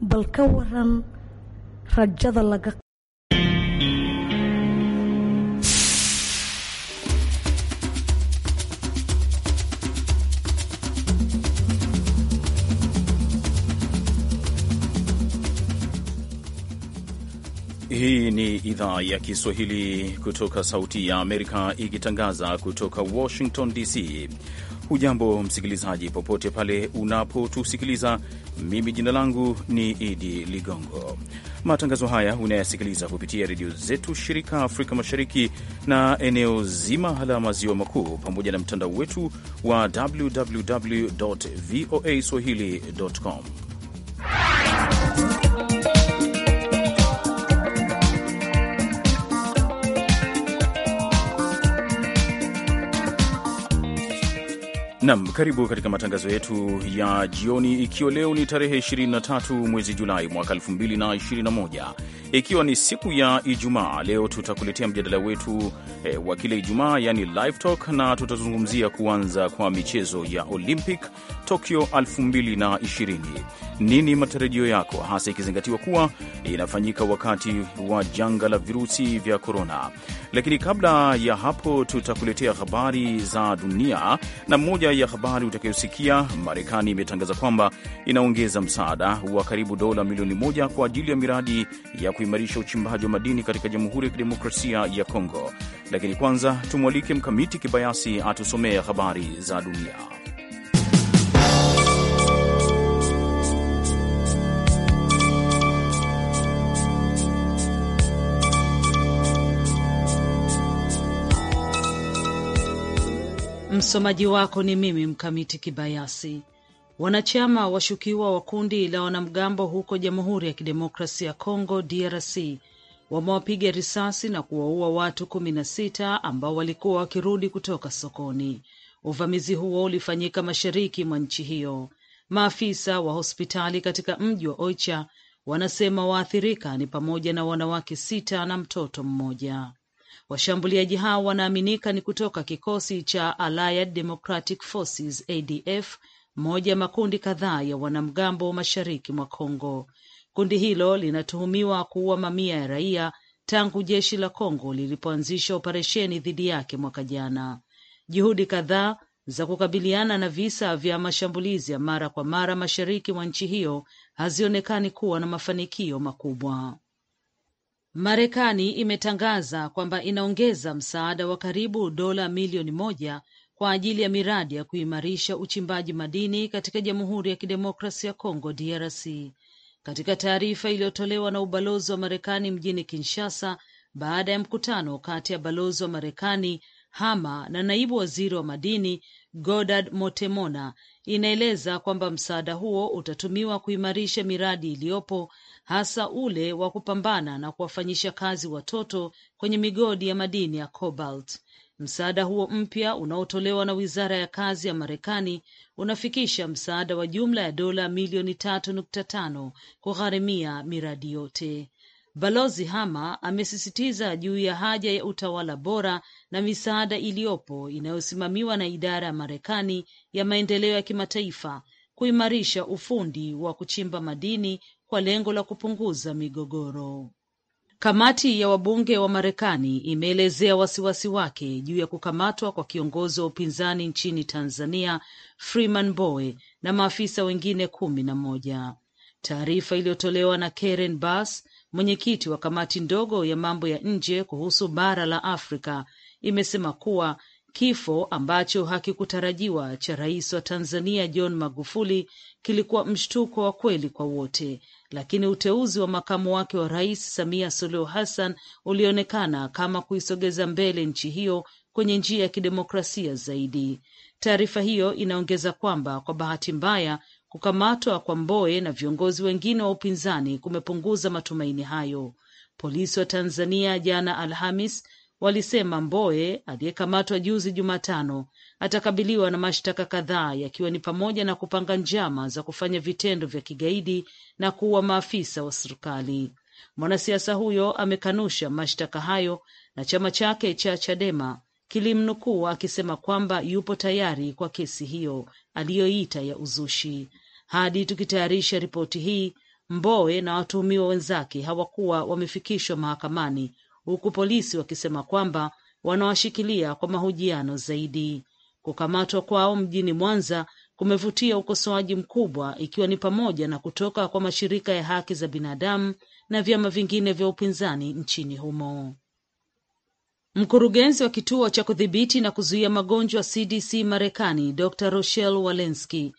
bal ka waran rajada laga Hii ni idhaa ya Kiswahili kutoka Sauti ya Amerika ikitangaza kutoka Washington DC. Hujambo msikilizaji, popote pale unapotusikiliza. Mimi jina langu ni Idi Ligongo. Matangazo haya unayasikiliza kupitia redio zetu shirika Afrika Mashariki na eneo zima la maziwa makuu, pamoja na mtandao wetu wa www voa swahili.com. Nam, karibu katika matangazo yetu ya jioni, ikiwa leo ni tarehe 23 mwezi Julai mwaka 2021, ikiwa ni siku ya Ijumaa. Leo tutakuletea mjadala wetu e, wa kila Ijumaa, yani live talk, na tutazungumzia kuanza kwa michezo ya Olympic Tokyo 2020. Nini matarajio yako, hasa ikizingatiwa kuwa inafanyika wakati wa janga la virusi vya korona? Lakini kabla ya hapo, tutakuletea habari za dunia, na moja ya habari utakayosikia, Marekani imetangaza kwamba inaongeza msaada wa karibu dola milioni moja kwa ajili ya miradi ya kuimarisha uchimbaji wa madini katika Jamhuri ya Kidemokrasia ya Kongo. Lakini kwanza tumwalike Mkamiti Kibayasi atusomee habari za dunia. Msomaji wako ni mimi Mkamiti Kibayasi. Wanachama washukiwa wa kundi la wanamgambo huko Jamhuri ya Kidemokrasia ya Kongo DRC wamewapiga risasi na kuwaua watu kumi na sita ambao walikuwa wakirudi kutoka sokoni. Uvamizi huo ulifanyika mashariki mwa nchi hiyo. Maafisa wa hospitali katika mji wa Oicha wanasema waathirika ni pamoja na wanawake sita na mtoto mmoja. Washambuliaji hao wanaaminika ni kutoka kikosi cha Allied Democratic Forces ADF, moja ya makundi kadhaa ya wanamgambo mashariki mwa congo Kundi hilo linatuhumiwa kuua mamia ya raia tangu jeshi la congo lilipoanzisha operesheni dhidi yake mwaka jana. Juhudi kadhaa za kukabiliana na visa vya mashambulizi ya mara kwa mara mashariki mwa nchi hiyo hazionekani kuwa na mafanikio makubwa. Marekani imetangaza kwamba inaongeza msaada wa karibu dola milioni moja kwa ajili ya miradi ya kuimarisha uchimbaji madini katika Jamhuri ya Kidemokrasi ya Kongo DRC. Katika taarifa iliyotolewa na ubalozi wa Marekani mjini Kinshasa baada ya mkutano kati ya balozi wa Marekani Hama na naibu waziri wa madini Godard Motemona inaeleza kwamba msaada huo utatumiwa kuimarisha miradi iliyopo hasa ule wa kupambana na kuwafanyisha kazi watoto kwenye migodi ya madini ya cobalt. Msaada huo mpya unaotolewa na wizara ya kazi ya Marekani unafikisha msaada wa jumla ya dola milioni tatu nukta tano kugharimia miradi yote. Balozi hama amesisitiza juu ya haja ya utawala bora na misaada iliyopo inayosimamiwa na idara ya Marekani ya maendeleo ya kimataifa kuimarisha ufundi wa kuchimba madini kwa lengo la kupunguza migogoro. Kamati ya wabunge wa Marekani imeelezea wasiwasi wake juu ya kukamatwa kwa kiongozi wa upinzani nchini Tanzania Freeman Mbowe na maafisa wengine kumi na moja. Taarifa iliyotolewa na Karen Bass mwenyekiti wa kamati ndogo ya mambo ya nje kuhusu bara la Afrika, imesema kuwa kifo ambacho hakikutarajiwa cha rais wa Tanzania John Magufuli kilikuwa mshtuko wa kweli kwa wote, lakini uteuzi wa makamu wake wa rais Samia Suluhu Hassan ulionekana kama kuisogeza mbele nchi hiyo kwenye njia ya kidemokrasia zaidi. Taarifa hiyo inaongeza kwamba kwa bahati mbaya Kukamatwa kwa mboe na viongozi wengine wa upinzani kumepunguza matumaini hayo. Polisi wa Tanzania jana Alhamis walisema mboe aliyekamatwa juzi Jumatano atakabiliwa na mashtaka kadhaa yakiwa ni pamoja na kupanga njama za kufanya vitendo vya kigaidi na kuua maafisa wa serikali. Mwanasiasa huyo amekanusha mashtaka hayo na chama chake cha Chadema kilimnukuu akisema kwamba yupo tayari kwa kesi hiyo aliyoita ya uzushi. Hadi tukitayarisha ripoti hii, Mbowe na watuhumiwa wenzake hawakuwa wamefikishwa mahakamani, huku polisi wakisema kwamba wanawashikilia kwa mahojiano zaidi. Kukamatwa kwao mjini Mwanza kumevutia ukosoaji mkubwa, ikiwa ni pamoja na kutoka kwa mashirika ya haki za binadamu na vyama vingine vya upinzani nchini humo. Mkurugenzi wa kituo cha kudhibiti na kuzuia magonjwa CDC Marekani, Dr Rochelle Walensky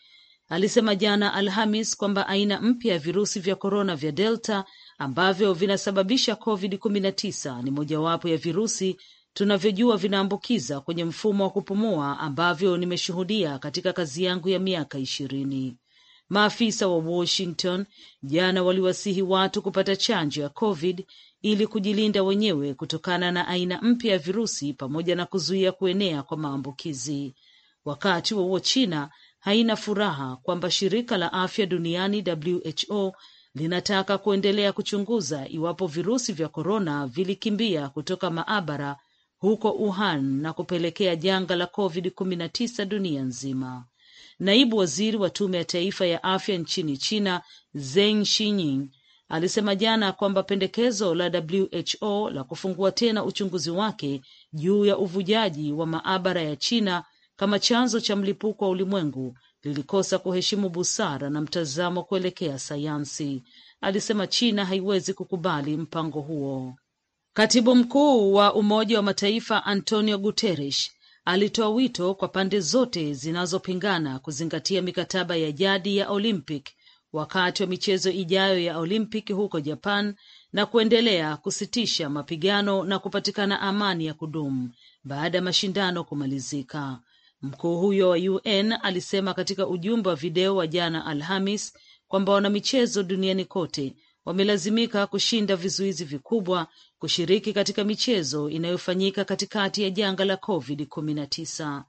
alisema jana Alhamis kwamba aina mpya ya virusi vya korona vya Delta ambavyo vinasababisha COVID-19 ni mojawapo ya virusi tunavyojua vinaambukiza kwenye mfumo wa kupumua ambavyo nimeshuhudia katika kazi yangu ya miaka ishirini. Maafisa wa Washington jana waliwasihi watu kupata chanjo ya COVID ili kujilinda wenyewe kutokana na aina mpya ya virusi pamoja na kuzuia kuenea kwa maambukizi. Wakati huo huo, China haina furaha kwamba shirika la afya duniani WHO linataka kuendelea kuchunguza iwapo virusi vya korona vilikimbia kutoka maabara huko Wuhan na kupelekea janga la COVID-19 dunia nzima. Naibu waziri wa tume ya taifa ya afya nchini China Zeng Shiying alisema jana kwamba pendekezo la WHO la kufungua tena uchunguzi wake juu ya uvujaji wa maabara ya China kama chanzo cha mlipuko wa ulimwengu lilikosa kuheshimu busara na mtazamo kuelekea sayansi. Alisema China haiwezi kukubali mpango huo. Katibu mkuu wa Umoja wa Mataifa Antonio Guterres alitoa wito kwa pande zote zinazopingana kuzingatia mikataba ya jadi ya Olympic wakati wa michezo ijayo ya Olimpiki huko Japan na kuendelea kusitisha mapigano na kupatikana amani ya kudumu baada ya mashindano kumalizika. Mkuu huyo wa UN alisema katika ujumbe wa video wa jana Alhamis kwamba wanamichezo duniani kote wamelazimika kushinda vizuizi vikubwa kushiriki katika michezo inayofanyika katikati ya janga la COVID-19.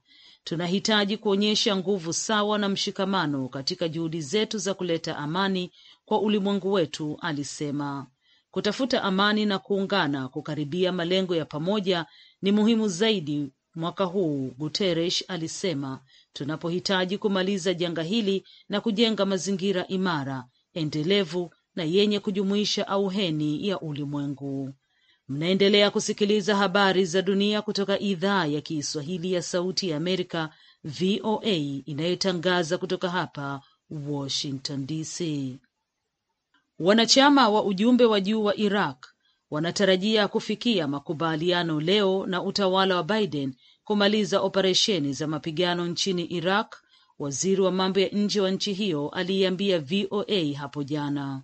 Tunahitaji kuonyesha nguvu sawa na mshikamano katika juhudi zetu za kuleta amani kwa ulimwengu wetu, alisema. Kutafuta amani na kuungana kukaribia malengo ya pamoja ni muhimu zaidi mwaka huu, Guterres alisema, tunapohitaji kumaliza janga hili na kujenga mazingira imara, endelevu na yenye kujumuisha auheni ya ulimwengu. Mnaendelea kusikiliza habari za dunia kutoka idhaa ya Kiswahili ya Sauti ya Amerika, VOA, inayotangaza kutoka hapa Washington DC. Wanachama wa ujumbe wa juu wa Iraq wanatarajia kufikia makubaliano leo na utawala wa Biden kumaliza operesheni za mapigano nchini Iraq. Waziri wa mambo ya nje wa nchi hiyo aliiambia VOA hapo jana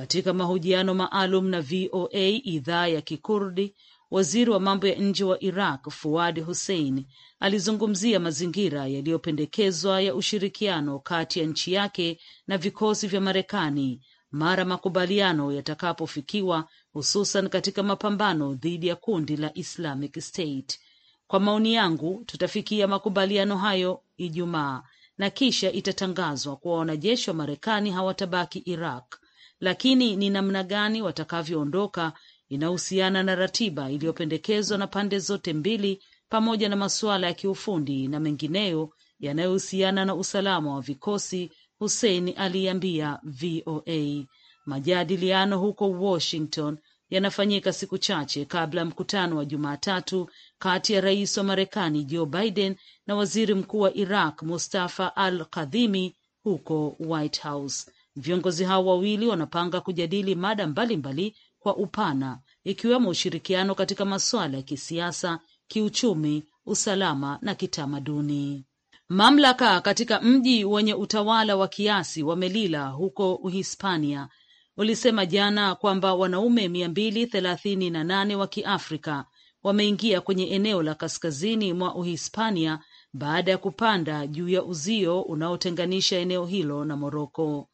katika mahojiano maalum na VOA idhaa ya Kikurdi, waziri wa mambo ya nje wa Iraq Fuad Hussein alizungumzia mazingira yaliyopendekezwa ya ushirikiano kati ya nchi yake na vikosi vya Marekani mara makubaliano yatakapofikiwa, hususan katika mapambano dhidi ya kundi la Islamic State. Kwa maoni yangu, tutafikia makubaliano hayo Ijumaa na kisha itatangazwa kuwa wanajeshi wa Marekani hawatabaki Iraq lakini ni namna gani watakavyoondoka inahusiana na ratiba iliyopendekezwa na pande zote mbili pamoja na masuala ya kiufundi na mengineyo yanayohusiana na usalama wa vikosi, Hussein aliambia VOA. Majadiliano huko Washington yanafanyika siku chache kabla ya mkutano wa Jumatatu kati ya rais wa Marekani Joe Biden na waziri mkuu wa Iraq Mustafa Al Kadhimi huko White House. Viongozi hao wawili wanapanga kujadili mada mbalimbali kwa upana ikiwemo ushirikiano katika masuala ya kisiasa, kiuchumi, usalama na kitamaduni. Mamlaka katika mji wenye utawala wa kiasi wa melila huko Uhispania ulisema jana kwamba wanaume 238 wa Kiafrika wameingia kwenye eneo la kaskazini mwa Uhispania baada ya kupanda juu ya uzio unaotenganisha eneo hilo na Moroko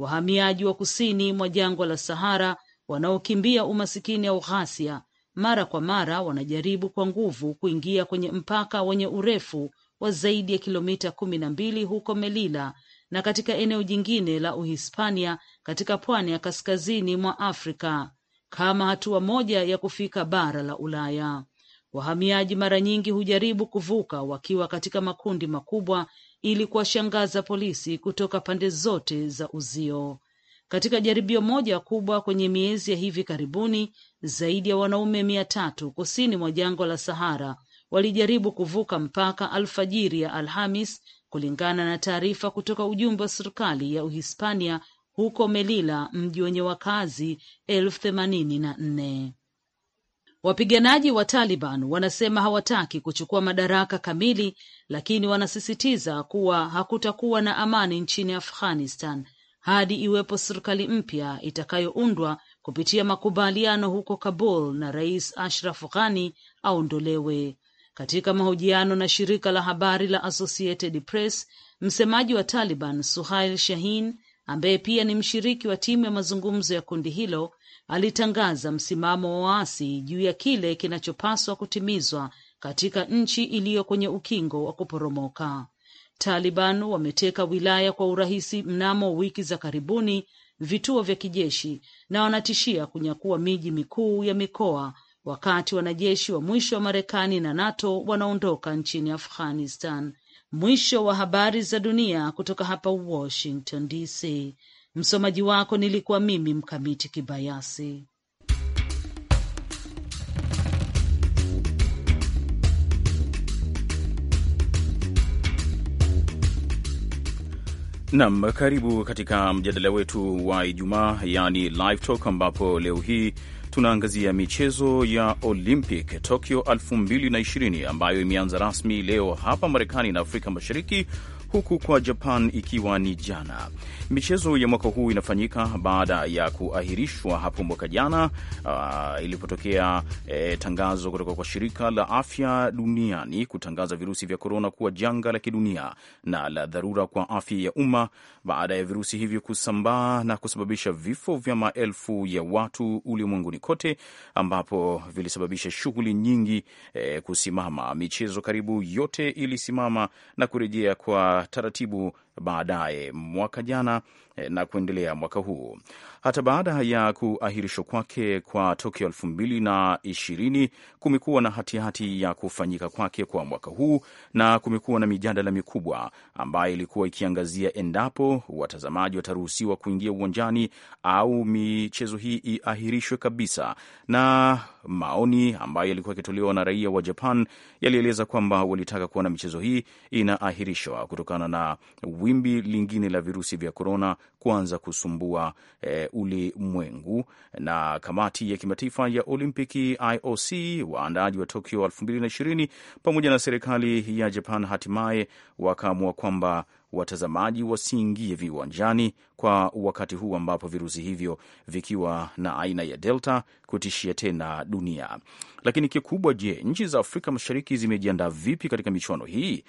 wahamiaji wa kusini mwa jangwa la Sahara wanaokimbia umasikini au ghasia, mara kwa mara wanajaribu kwa nguvu kuingia kwenye mpaka wenye urefu wa zaidi ya kilomita kumi na mbili huko melila na katika eneo jingine la Uhispania katika pwani ya kaskazini mwa Afrika kama hatua moja ya kufika bara la Ulaya. Wahamiaji mara nyingi hujaribu kuvuka wakiwa katika makundi makubwa ili kuwashangaza polisi kutoka pande zote za uzio. Katika jaribio moja kubwa kwenye miezi ya hivi karibuni, zaidi ya wanaume mia tatu kusini mwa jangwa la Sahara walijaribu kuvuka mpaka alfajiri ya Alhamis, kulingana na taarifa kutoka ujumbe wa serikali ya Uhispania huko melila mji wenye wakazi elfu themanini na nne. Wapiganaji wa Taliban wanasema hawataki kuchukua madaraka kamili, lakini wanasisitiza kuwa hakutakuwa na amani nchini Afghanistan hadi iwepo serikali mpya itakayoundwa kupitia makubaliano huko Kabul na Rais Ashraf Ghani aondolewe. Katika mahojiano na shirika la habari la Associated Press, msemaji wa Taliban Suhail Shahin ambaye pia ni mshiriki wa timu ya mazungumzo ya kundi hilo alitangaza msimamo wa waasi juu ya kile kinachopaswa kutimizwa katika nchi iliyo kwenye ukingo wa kuporomoka. Taliban wameteka wilaya kwa urahisi mnamo wiki za karibuni, vituo vya kijeshi na wanatishia kunyakua miji mikuu ya mikoa, wakati wanajeshi wa mwisho wa Marekani na NATO wanaondoka nchini Afghanistan. Mwisho wa habari za dunia kutoka hapa Washington DC. Msomaji wako nilikuwa mimi Mkamiti Kibayasi. Nam, karibu katika mjadala wetu wa Ijumaa yani Live Talk, ambapo leo hii tunaangazia michezo ya Olympic Tokyo 2020 ambayo imeanza rasmi leo hapa Marekani na Afrika Mashariki, huku kwa Japan ikiwa ni jana. Michezo ya mwaka huu inafanyika baada ya kuahirishwa hapo mwaka jana uh, ilipotokea eh, tangazo kutoka kwa shirika la afya duniani kutangaza virusi vya korona kuwa janga la kidunia na la dharura kwa afya ya umma baada ya virusi hivyo kusambaa na kusababisha vifo vya maelfu ya watu ulimwenguni kote, ambapo vilisababisha shughuli nyingi eh, kusimama. Michezo karibu yote ilisimama na kurejea kwa taratibu baadaye mwaka jana eh, na kuendelea mwaka huu. Hata baada ya kuahirishwa kwake kwa Tokyo elfu mbili na ishirini, kumekuwa na hatihati ya kufanyika kwake kwa mwaka huu, na kumekuwa na mijadala mikubwa ambayo ilikuwa ikiangazia endapo watazamaji wataruhusiwa kuingia uwanjani au michezo hii iahirishwe kabisa, na maoni ambayo yalikuwa yakitolewa na raia wa Japan yalieleza kwamba walitaka kuona michezo hii inaahirishwa kutokana na wimbi lingine la virusi vya korona kuanza kusumbua e, ulimwengu. Na kamati ya kimataifa ya Olimpiki IOC, waandaaji wa Tokyo 2020 pamoja na serikali ya Japan hatimaye wakaamua kwamba watazamaji wasiingie viwanjani kwa wakati huu ambapo virusi hivyo vikiwa na aina ya Delta kutishia tena dunia. Lakini kikubwa, je, nchi za Afrika Mashariki zimejiandaa vipi katika michuano hii?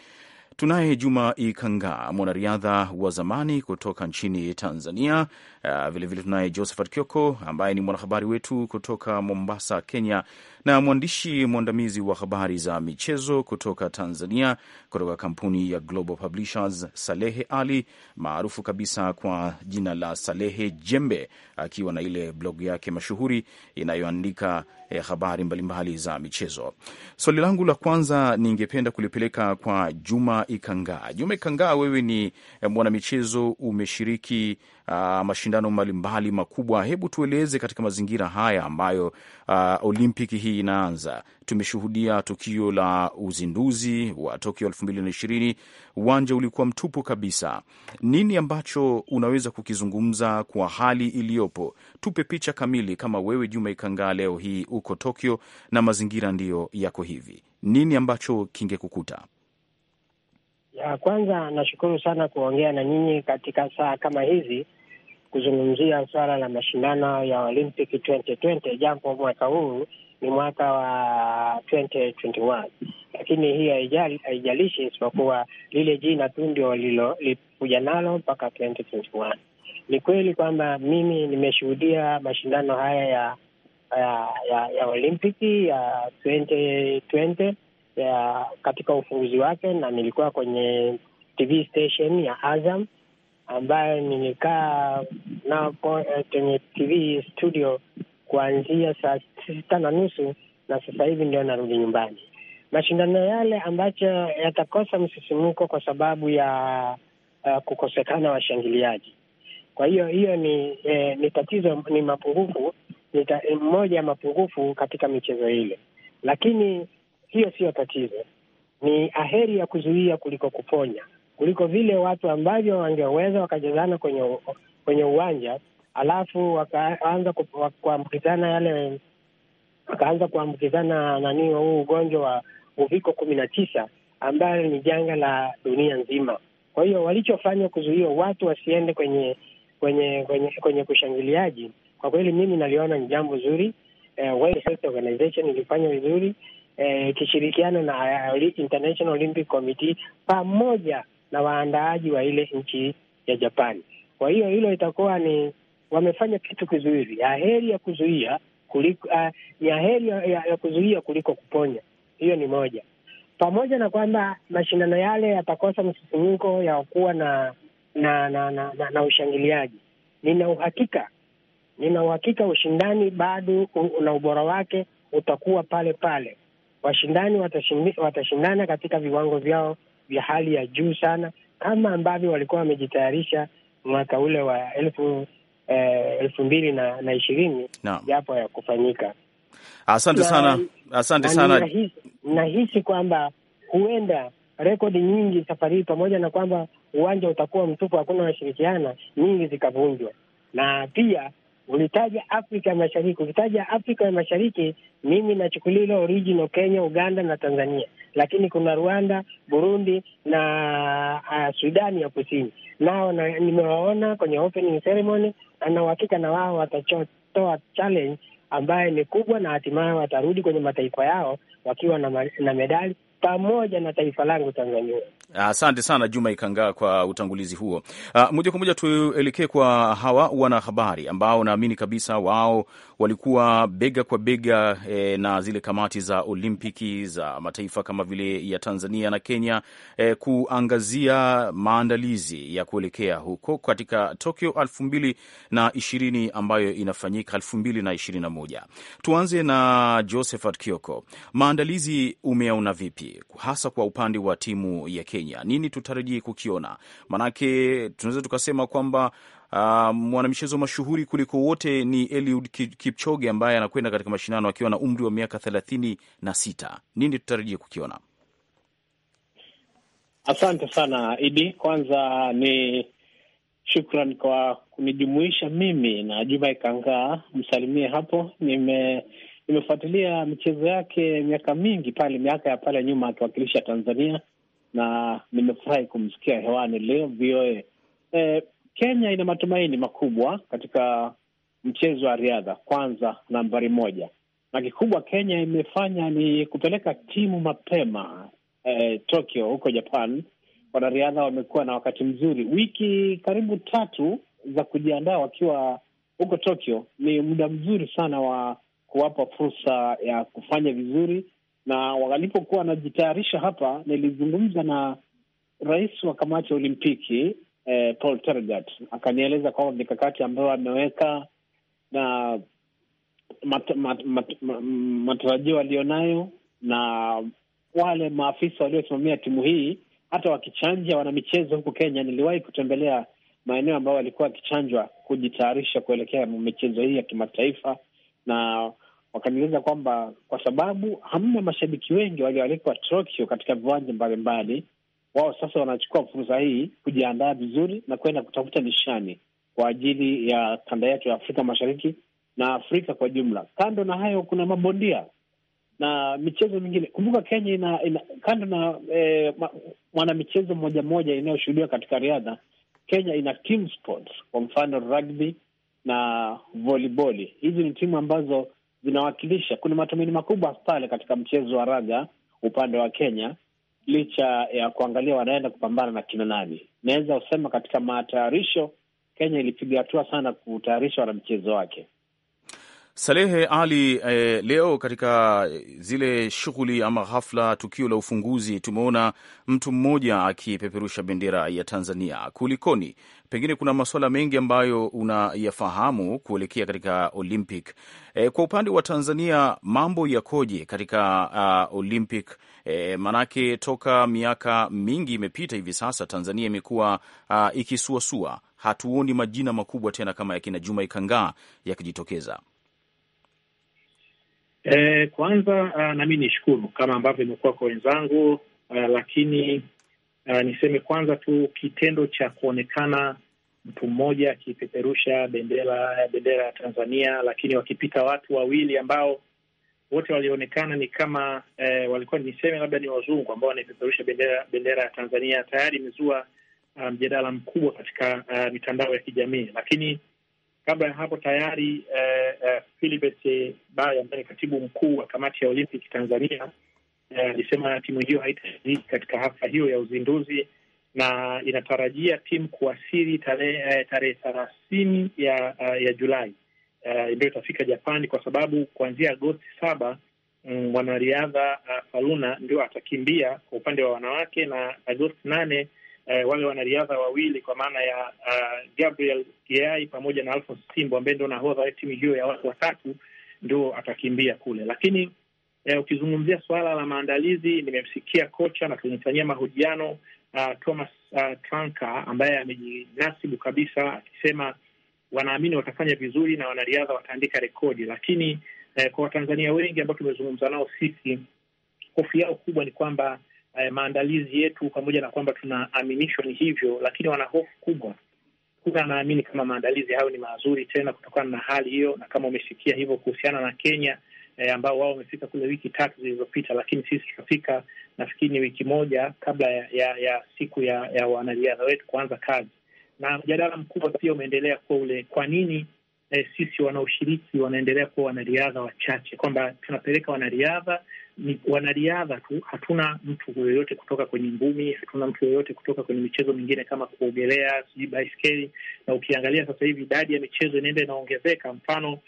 Tunaye Juma ikanga mwanariadha wa zamani kutoka nchini Tanzania. Vilevile uh, vile tunaye Josephat Kioko ambaye ni mwanahabari wetu kutoka Mombasa, Kenya na mwandishi mwandamizi wa habari za michezo kutoka Tanzania, kutoka kampuni ya Global Publishers, Salehe Ali maarufu kabisa kwa jina la Salehe Jembe, akiwa na ile blog yake mashuhuri inayoandika eh, habari mbalimbali mbali za michezo. Swali langu la kwanza ningependa kulipeleka kwa Juma Ikangaa. Juma Ikangaa, wewe ni eh, mwanamichezo, umeshiriki uh, mashindano mbalimbali makubwa. Hebu tueleze katika mazingira haya ambayo uh, Olimpiki hii inaanza, tumeshuhudia tukio la uzinduzi wa Tokyo elfu mbili na ishirini, uwanja ulikuwa mtupu kabisa. Nini ambacho unaweza kukizungumza kwa hali iliyopo? Tupe picha kamili, kama wewe Juma Ikangaa leo hii uko Tokyo na mazingira ndiyo yako hivi, nini ambacho kingekukuta? Ah, kwanza nashukuru sana kuongea na nyinyi katika saa kama hizi kuzungumzia swala la mashindano ya Olympic 2020 japo mwaka huu ni mwaka wa 2021 lakini hii haijalishi, isipokuwa lile jina tu ndio lilokuja nalo mpaka 2021. Ni kweli kwamba mimi nimeshuhudia mashindano haya ya ya ya, ya Olimpiki ya 2020 ya katika ufunguzi wake, na nilikuwa kwenye TV station ya Azam ambayo nilikaa na eh, kwenye TV studio kuanzia saa sita na nusu na sasa hivi ndio narudi nyumbani. Mashindano yale ambacho yatakosa msisimuko kwa sababu ya uh, kukosekana washangiliaji. Kwa hiyo hiyo ni eh, ni tatizo, ni mapungufu, ni mmoja ya mapungufu katika michezo ile, lakini hiyo siyo tatizo. Ni aheri ya kuzuia kuliko kuponya, kuliko vile watu ambavyo wangeweza wakajazana kwenye kwenye uwanja alafu wakaanza kuambukizana yale wakaanza kuambukizana nani huu ugonjwa wa uviko kumi na tisa ambayo ni janga la dunia nzima. Kwa hiyo walichofanya kuzuia watu wasiende kwenye kwenye kwenye kwenye kushangiliaji, kwa kweli mimi naliona ni jambo zuri. Eh, World Health Organization ilifanya vizuri ikishirikiana eh, na eh, International Olympic Committee pamoja na waandaaji wa ile nchi ya Japani. Kwa hiyo hilo itakuwa ni wamefanya kitu kizuri, aheri ya kuzuia kuliko ah, ya heri ya, ya kuzuia kuliko kuponya. Hiyo ni moja, pamoja na kwamba mashindano yale yatakosa msisimko ya kuwa na na na, na, na na ushangiliaji. Nina uhakika nina uhakika ushindani bado na ubora wake utakuwa pale pale, Washindani watashindana katika viwango vyao vya hali ya juu sana, kama ambavyo walikuwa wamejitayarisha mwaka ule wa elfu eh, elfu mbili na, na ishirini japo ya kufanyika. Asante sana, asante sana. Nahisi kwamba huenda rekodi nyingi safari hii, pamoja na kwamba uwanja utakuwa mtupu, hakuna washirikiana, nyingi zikavunjwa, na pia ulitaja Afrika ya Mashariki. Ukitaja Afrika ya Mashariki, mimi nachukulia ile original Kenya, Uganda na Tanzania, lakini kuna Rwanda, Burundi na uh, Sudani ya Kusini nao na, nimewaona kwenye opening ceremony na na uhakika na wao watatoa challenge ambaye ni kubwa, na hatimaye watarudi kwenye mataifa yao wakiwa na, na medali pamoja na taifa langu Tanzania. Asante sana Juma Ikangaa kwa utangulizi huo. Uh, moja kwa moja tuelekee kwa hawa wanahabari ambao naamini kabisa wao walikuwa bega kwa bega e, na zile kamati za Olimpiki za mataifa kama vile ya Tanzania na Kenya e, kuangazia maandalizi ya kuelekea huko katika Tokyo elfu mbili na ishirini ambayo inafanyika elfu mbili na ishirini na moja. Tuanze na Josephat Kioko, maandalizi umeyaona vipi hasa kwa upande wa timu ya Kenya? Kenya? Nini tutarajie kukiona? Maanake tunaweza tukasema kwamba Uh, ah, mwanamchezo mashuhuri kuliko wote ni Eliud Kipchoge ambaye anakwenda katika mashindano akiwa na umri wa miaka thelathini na sita. Nini tutarajie kukiona? Asante sana Idi, kwanza ni shukran kwa kunijumuisha mimi na Juma Ikangaa, msalimie hapo. Nime nimefuatilia michezo yake miaka mingi pale, miaka ya pale nyuma akiwakilisha Tanzania na nimefurahi kumsikia hewani leo VOA. E, eh, Kenya ina matumaini makubwa katika mchezo wa riadha, kwanza nambari moja, na kikubwa Kenya imefanya ni kupeleka timu mapema e, Tokyo huko Japan. Wanariadha wamekuwa na wakati mzuri, wiki karibu tatu za kujiandaa wakiwa huko Tokyo. Ni muda mzuri sana wa kuwapa fursa ya kufanya vizuri na walipokuwa wanajitayarisha hapa, nilizungumza na rais wa kamati ya Olimpiki eh, Paul Tergat akanieleza kwamba mikakati ambayo ameweka na mat, mat, mat, mat, matarajio aliyonayo na wale maafisa waliosimamia timu hii hata wakichanja wanamichezo huku Kenya. Niliwahi kutembelea maeneo ambayo walikuwa wakichanjwa kujitayarisha kuelekea michezo hii ya kimataifa, na wakanieleza kwamba kwa sababu hamna mashabiki wengi walioalikwa Tokyo katika viwanja mbalimbali, wao sasa wanachukua fursa hii kujiandaa vizuri na kwenda kutafuta nishani kwa ajili ya kanda yetu ya Afrika Mashariki na Afrika kwa jumla. Kando na hayo, kuna mabondia na michezo mingine. Kumbuka Kenya ina, ina kando na eh, mwanamichezo moja moja inayoshuhudiwa katika riadha, Kenya ina team sports, kwa mfano rugby na voliboli. Hizi ni timu ambazo zinawakilisha. Kuna matumaini makubwa pale katika mchezo wa raga upande wa Kenya, licha ya kuangalia wanaenda kupambana na kina nani. Naweza kusema katika matayarisho Kenya ilipiga hatua sana kutayarisha wanamchezo wake. Salehe Ali, eh, leo katika eh, zile shughuli ama hafla tukio la ufunguzi tumeona mtu mmoja akipeperusha bendera ya Tanzania. Kulikoni? Pengine kuna masuala mengi ambayo unayafahamu kuelekea katika Olympic. Eh, kwa upande wa Tanzania mambo yakoje katika uh, Olympic? E, manake toka miaka mingi imepita hivi sasa Tanzania imekuwa uh, ikisuasua, hatuoni majina makubwa tena kama yakina Juma Ikangaa yakijitokeza. E, kwanza e, nami nishukuru kama ambavyo imekuwa kwa wenzangu e, lakini a, e, niseme kwanza tu kitendo cha kuonekana mtu mmoja akipeperusha bendera bendera ya Tanzania, lakini wakipita watu wawili ambao wote walionekana ni kama e, walikuwa niseme labda ni wazungu ambao wanaipeperusha bendera bendera ya Tanzania, tayari imezua mjadala um, mkubwa katika uh, mitandao ya kijamii, lakini Kabla ya hapo tayari eh, eh, Philibert Bayi ambaye ni katibu mkuu wa kamati ya Olympic Tanzania eh, alisema eh, timu hiyo haitashiriki katika hafla hiyo ya uzinduzi na inatarajia timu kuwasili tarehe eh, tarehe thelathini ya eh, ya Julai uh, ndio itafika Japani kwa sababu kuanzia Agosti saba mm, mwanariadha um, uh, Faluna ndio atakimbia kwa upande wa wanawake na Agosti nane eh, wale wanariadha wawili kwa maana ya uh, Gabriel Kiai pamoja na Alphonse Simbo ambaye ndo nahodha timu hiyo ya watu watatu ndio atakimbia kule. Lakini eh, ukizungumzia suala la maandalizi, nimemsikia kocha na tulimfanyia mahojiano uh, Thomas uh, Tranka ambaye amejinasibu kabisa akisema wanaamini watafanya vizuri na wanariadha wataandika rekodi, lakini eh, kwa Watanzania wengi ambao tumezungumza nao sisi, hofu yao kubwa ni kwamba eh, maandalizi yetu, pamoja na kwamba tunaaminishwa ni hivyo, lakini wana hofu kubwa. Kuna anaamini kama maandalizi hayo ni mazuri tena kutokana na hali hiyo, na kama umesikia hivyo kuhusiana na Kenya eh, ambao wao wamefika kule wiki tatu zilizopita, lakini sisi tutafika nafikiri ni wiki moja kabla ya, ya, ya siku ya, ya wanariadha wetu kuanza kazi. Na mjadala mkubwa pia umeendelea kuwa ule, kwa nini eh, sisi wanaoshiriki wanaendelea kuwa wanariadha wachache, kwamba tunapeleka wanariadha ni wanariadha tu. Hatuna mtu yoyote kutoka kwenye ngumi, hatuna mtu yoyote kutoka kwenye michezo mingine kama kuogelea, sijui baiskeli. Na ukiangalia sasa hivi idadi ya michezo inaenda inaongezeka, mfano uh,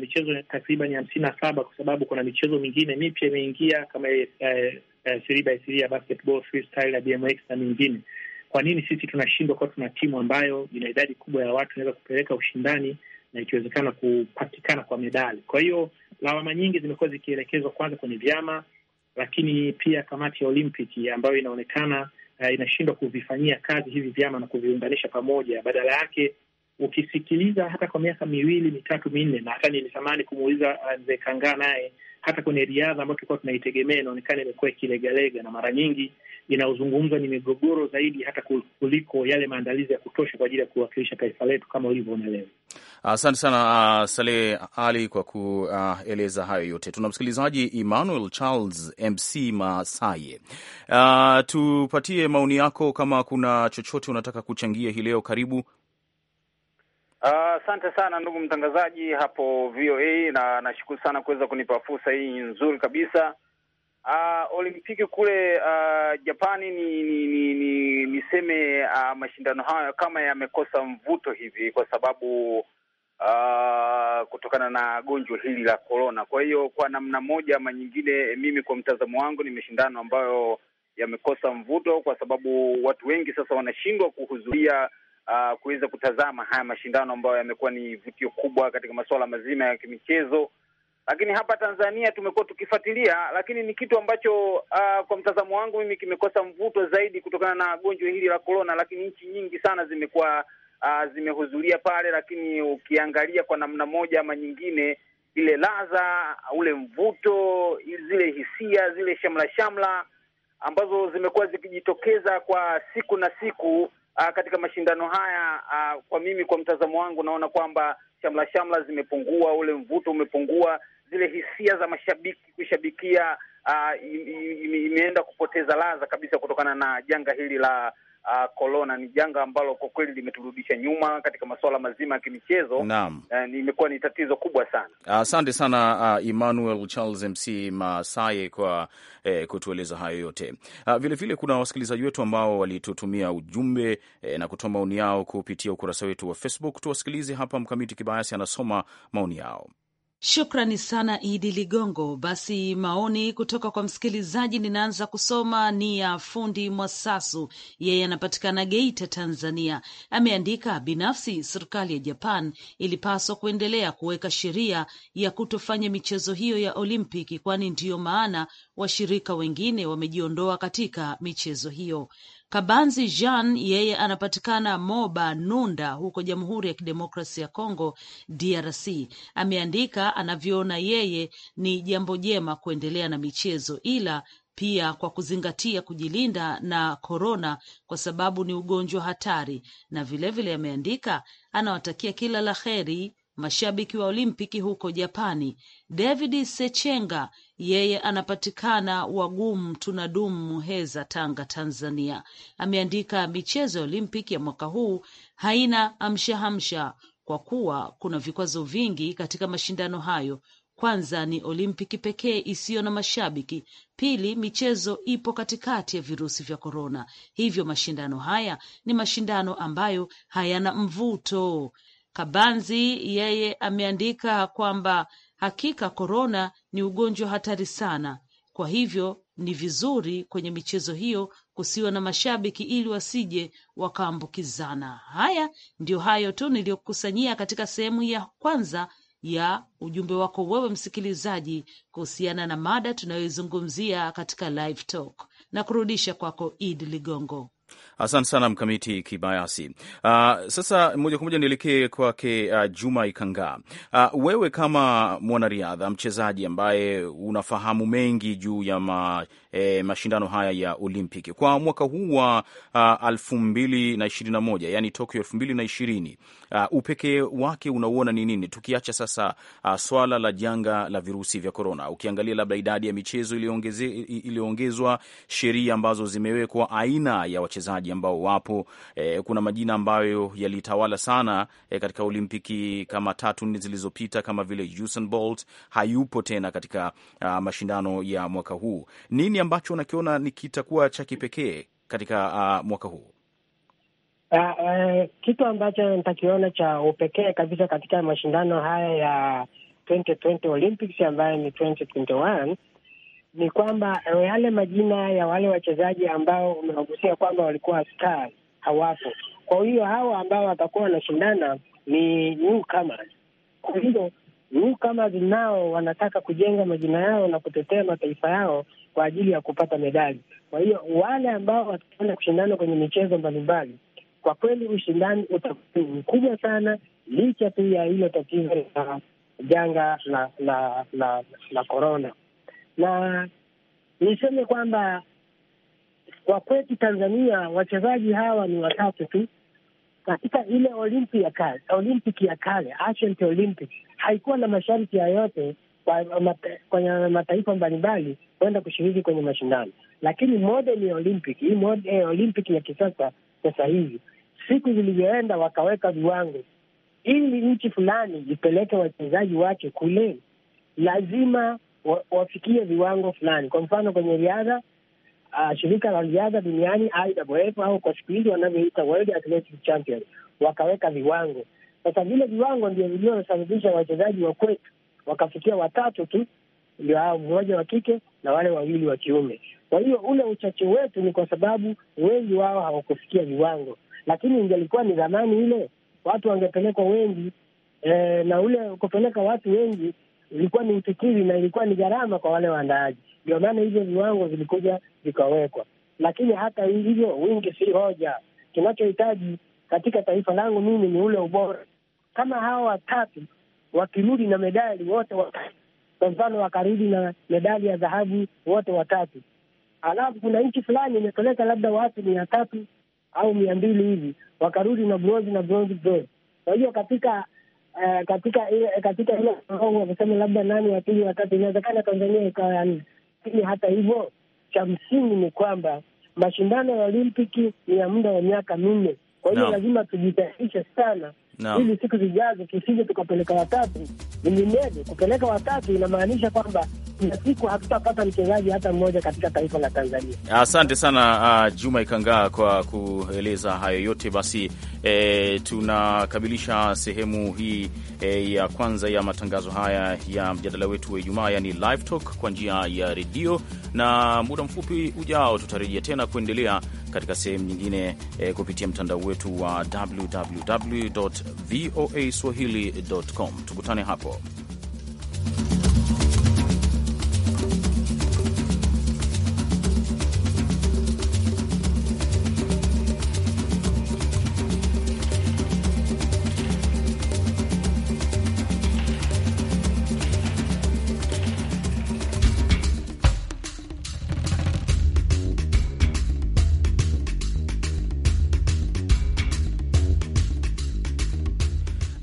michezo takriban hamsini na saba kwa sababu kuna michezo mingine mipya imeingia kama eh, eh three by three ya basketball, freestyle ya BMX na mingine. Kwa nini sisi tunashindwa kuwa tuna timu ambayo ina idadi kubwa ya watu inaweza kupeleka ushindani na ikiwezekana kupatikana kwa medali. Kwa hiyo lawama nyingi zimekuwa zikielekezwa kwanza kwenye vyama, lakini pia kamati ya Olimpiki ambayo inaonekana uh, inashindwa kuvifanyia kazi hivi vyama na kuviunganisha pamoja. Badala yake ukisikiliza hata kwa miaka miwili mitatu minne, na hata nilitamani kumuuliza eh, mzee Kangaa naye, hata kwenye riadha ambayo tulikuwa tunaitegemea inaonekana imekuwa ikilegalega, na mara nyingi inayozungumzwa ni migogoro zaidi hata kuliko yale maandalizi ya kutosha kwa ajili ya kuwakilisha taifa letu kama ulivyoona leo. Asante uh, sana uh, Saleh Ali kwa kueleza uh, hayo yote. Tuna msikilizaji Emmanuel Charles Mc Masaye, uh, tupatie maoni yako kama kuna chochote unataka kuchangia hii leo. Karibu. Uh, asante uh, sana ndugu mtangazaji hapo VOA, na nashukuru sana kuweza kunipa fursa hii nzuri kabisa uh, Olimpiki kule uh, Japani ni, ni, ni, ni niseme uh, mashindano hayo kama yamekosa mvuto hivi kwa sababu uh, kutokana na gonjwa hili la korona. Kwa hiyo kwa namna moja ama nyingine, mimi kwa mtazamo wangu ni mashindano ambayo yamekosa mvuto kwa sababu watu wengi sasa wanashindwa kuhudhuria uh, kuweza kutazama haya mashindano ambayo yamekuwa ni vutio kubwa katika masuala mazima ya kimichezo lakini hapa Tanzania tumekuwa tukifuatilia, lakini ni kitu ambacho uh, kwa mtazamo wangu mimi kimekosa mvuto zaidi kutokana na gonjwa hili la korona, lakini nchi nyingi sana zimekuwa uh, zimehudhuria pale, lakini ukiangalia kwa namna moja ama nyingine, ile ladha, ule mvuto, zile hisia, zile shamla shamla ambazo zimekuwa zikijitokeza kwa siku na siku uh, katika mashindano haya uh, kwa mimi kwa mtazamo wangu naona kwamba shamla shamla zimepungua, ule mvuto umepungua, zile hisia za mashabiki kushabikia uh, imeenda kupoteza ladha kabisa kutokana na janga hili la korona. Ah, uh, ni janga ambalo kwa kweli limeturudisha nyuma katika masuala mazima ya kimichezo. Naam, uh, imekuwa ni tatizo kubwa sana. Asante uh, sana uh, Emmanuel Charles MC Masaye kwa E, kutueleza hayo yote. Uh, vilevile kuna wasikilizaji wetu ambao walitutumia ujumbe e, na kutoa maoni yao kupitia ukurasa wetu wa Facebook. Tuwasikilize hapa. Mkamiti Kibayasi anasoma maoni yao. Shukrani sana Idi Ligongo. Basi maoni kutoka kwa msikilizaji ninaanza kusoma. Ni ya fundi Mwasasu, yeye anapatikana Geita, Tanzania. Ameandika binafsi, serikali ya Japan ilipaswa kuendelea kuweka sheria ya kutofanya michezo hiyo ya Olimpiki, kwani ndiyo maana washirika wengine wamejiondoa katika michezo hiyo. Kabanzi Jean yeye anapatikana Moba Nunda huko Jamhuri ya Kidemokrasi ya Kongo DRC ameandika anavyoona yeye ni jambo jema kuendelea na michezo ila pia kwa kuzingatia kujilinda na korona kwa sababu ni ugonjwa hatari, na vilevile ameandika anawatakia kila la heri mashabiki wa Olimpiki huko Japani. David Sechenga yeye anapatikana tuna tunadum Muheza, Tanga, Tanzania. Ameandika michezo ya Olimpiki ya mwaka huu haina amshahamsha kwa kuwa kuna vikwazo vingi katika mashindano hayo. Kwanza ni Olimpiki pekee isiyo na mashabiki. Pili, michezo ipo katikati ya virusi vya korona, hivyo mashindano haya ni mashindano ambayo hayana mvuto. Kabanzi yeye ameandika kwamba hakika korona ni ugonjwa hatari sana, kwa hivyo ni vizuri kwenye michezo hiyo kusiwa na mashabiki ili wasije wakaambukizana. Haya ndiyo hayo tu niliyokusanyia katika sehemu ya kwanza ya ujumbe wako wewe msikilizaji, kuhusiana na mada tunayoizungumzia katika Live Talk na kurudisha kwako Idi Ligongo. Asante sana Mkamiti Kibayasi. Uh, sasa moja kwa moja nielekee kwake uh, Juma Ikangaa. Uh, wewe kama mwanariadha mchezaji ambaye unafahamu mengi juu ya ma, eh, mashindano haya ya Olimpiki kwa mwaka huu wa uh, ah, elfu mbili na ishirini na moja yani Tokyo elfu mbili na ishirini uh, upekee wake unauona ni nini, tukiacha sasa uh, swala la janga la virusi vya korona, ukiangalia labda idadi ya michezo iliyoongezwa, sheria ambazo zimewekwa, aina ya wachezaji wachezaji ambao wapo e, kuna majina ambayo yalitawala sana e, katika Olimpiki kama tatu nne zilizopita kama vile Usain Bolt hayupo tena katika a, mashindano ya mwaka huu. Nini ambacho unakiona ni kitakuwa cha kipekee katika a, mwaka huu? Uh, uh, kitu ambacho nitakiona cha upekee kabisa katika mashindano haya ya 2020 Olympics ambayo ni 2021 ni kwamba eh, yale majina ya wale wachezaji ambao umewagusia kwamba walikuwa star hawapo. Kwa hiyo hawa ambao watakuwa wanashindana ni newcomers. Kwa hiyo newcomers nao wanataka kujenga majina yao na kutetea mataifa yao kwa ajili ya kupata medali. Kwa hiyo wale ambao watakwenda kushindana kwenye michezo mbalimbali, kwa kweli ushindani utakuwa mkubwa sana, licha tu ya hilo tatizo la janga la la la la korona na niseme kwamba kwa kwetu Tanzania wachezaji hawa ni watatu tu katika ile Olympic ya kale, Olympic ya kale, ancient Olympic haikuwa na masharti yoyote kwenye mataifa mbalimbali kwenda kushiriki kwenye mashindano, lakini modern ya Olympic hii modern eh, Olympic ya kisasa sasa hivi, siku zilivyoenda wakaweka viwango ili nchi fulani ipeleke wachezaji wake kule, lazima wafikie viwango fulani. Kwa mfano kwenye riadha uh, shirika la riadha duniani IAAF au kwa siku hizi wanavyoita World wakaweka viwango. Sasa vile viwango ndio vilivyosababisha wachezaji wa kwetu wakafikia watatu tu, ndio hao, mmoja wa kike na wale wawili wa kiume. Kwa hiyo ule uchache wetu ni kwa sababu wengi wao hawakufikia viwango, lakini ingelikuwa ni dhamani ile, watu wangepelekwa wengi e, na ule kupeleka watu wengi ilikuwa ni utikiri na ilikuwa ni gharama kwa wale waandaaji. Ndio maana hivyo viwango vilikuja vikawekwa, lakini hata hivyo wingi si hoja. Kinachohitaji katika taifa langu mimi ni ule ubora. Kama hawa watatu wakirudi na medali wote watatu, kwa mfano wakarudi na medali ya dhahabu wote watatu, alafu kuna nchi fulani imepeleka labda watu mia tatu au mia mbili hivi, wakarudi na bronzi na bronzi bronzi. Kwa hiyo katika Eh, katika ile katika ile mrongo labda nani wapili watatu, inawezekana Tanzania ikawa ya nne. Lakini hata hivyo, cha msingi ni kwamba mashindano ya Olimpiki ni ya muda wa miaka minne, kwa hiyo no. lazima tujitayarishe sana ili siku zijazo tusije tukapeleka watatu, vinginevyo kupeleka watatu inamaanisha kwamba kila siku hatutapata mchezaji hata mmoja katika taifa la Tanzania. Asante sana uh, Juma Ikangaa kwa kueleza hayo yote. Basi E, tunakamilisha sehemu hii e, ya kwanza ya matangazo haya ya mjadala wetu wa Ijumaa, yani live talk kwa njia ya redio, na muda mfupi ujao tutarejea tena kuendelea katika sehemu nyingine e, kupitia mtandao wetu wa www voa swahili.com. Tukutane hapo.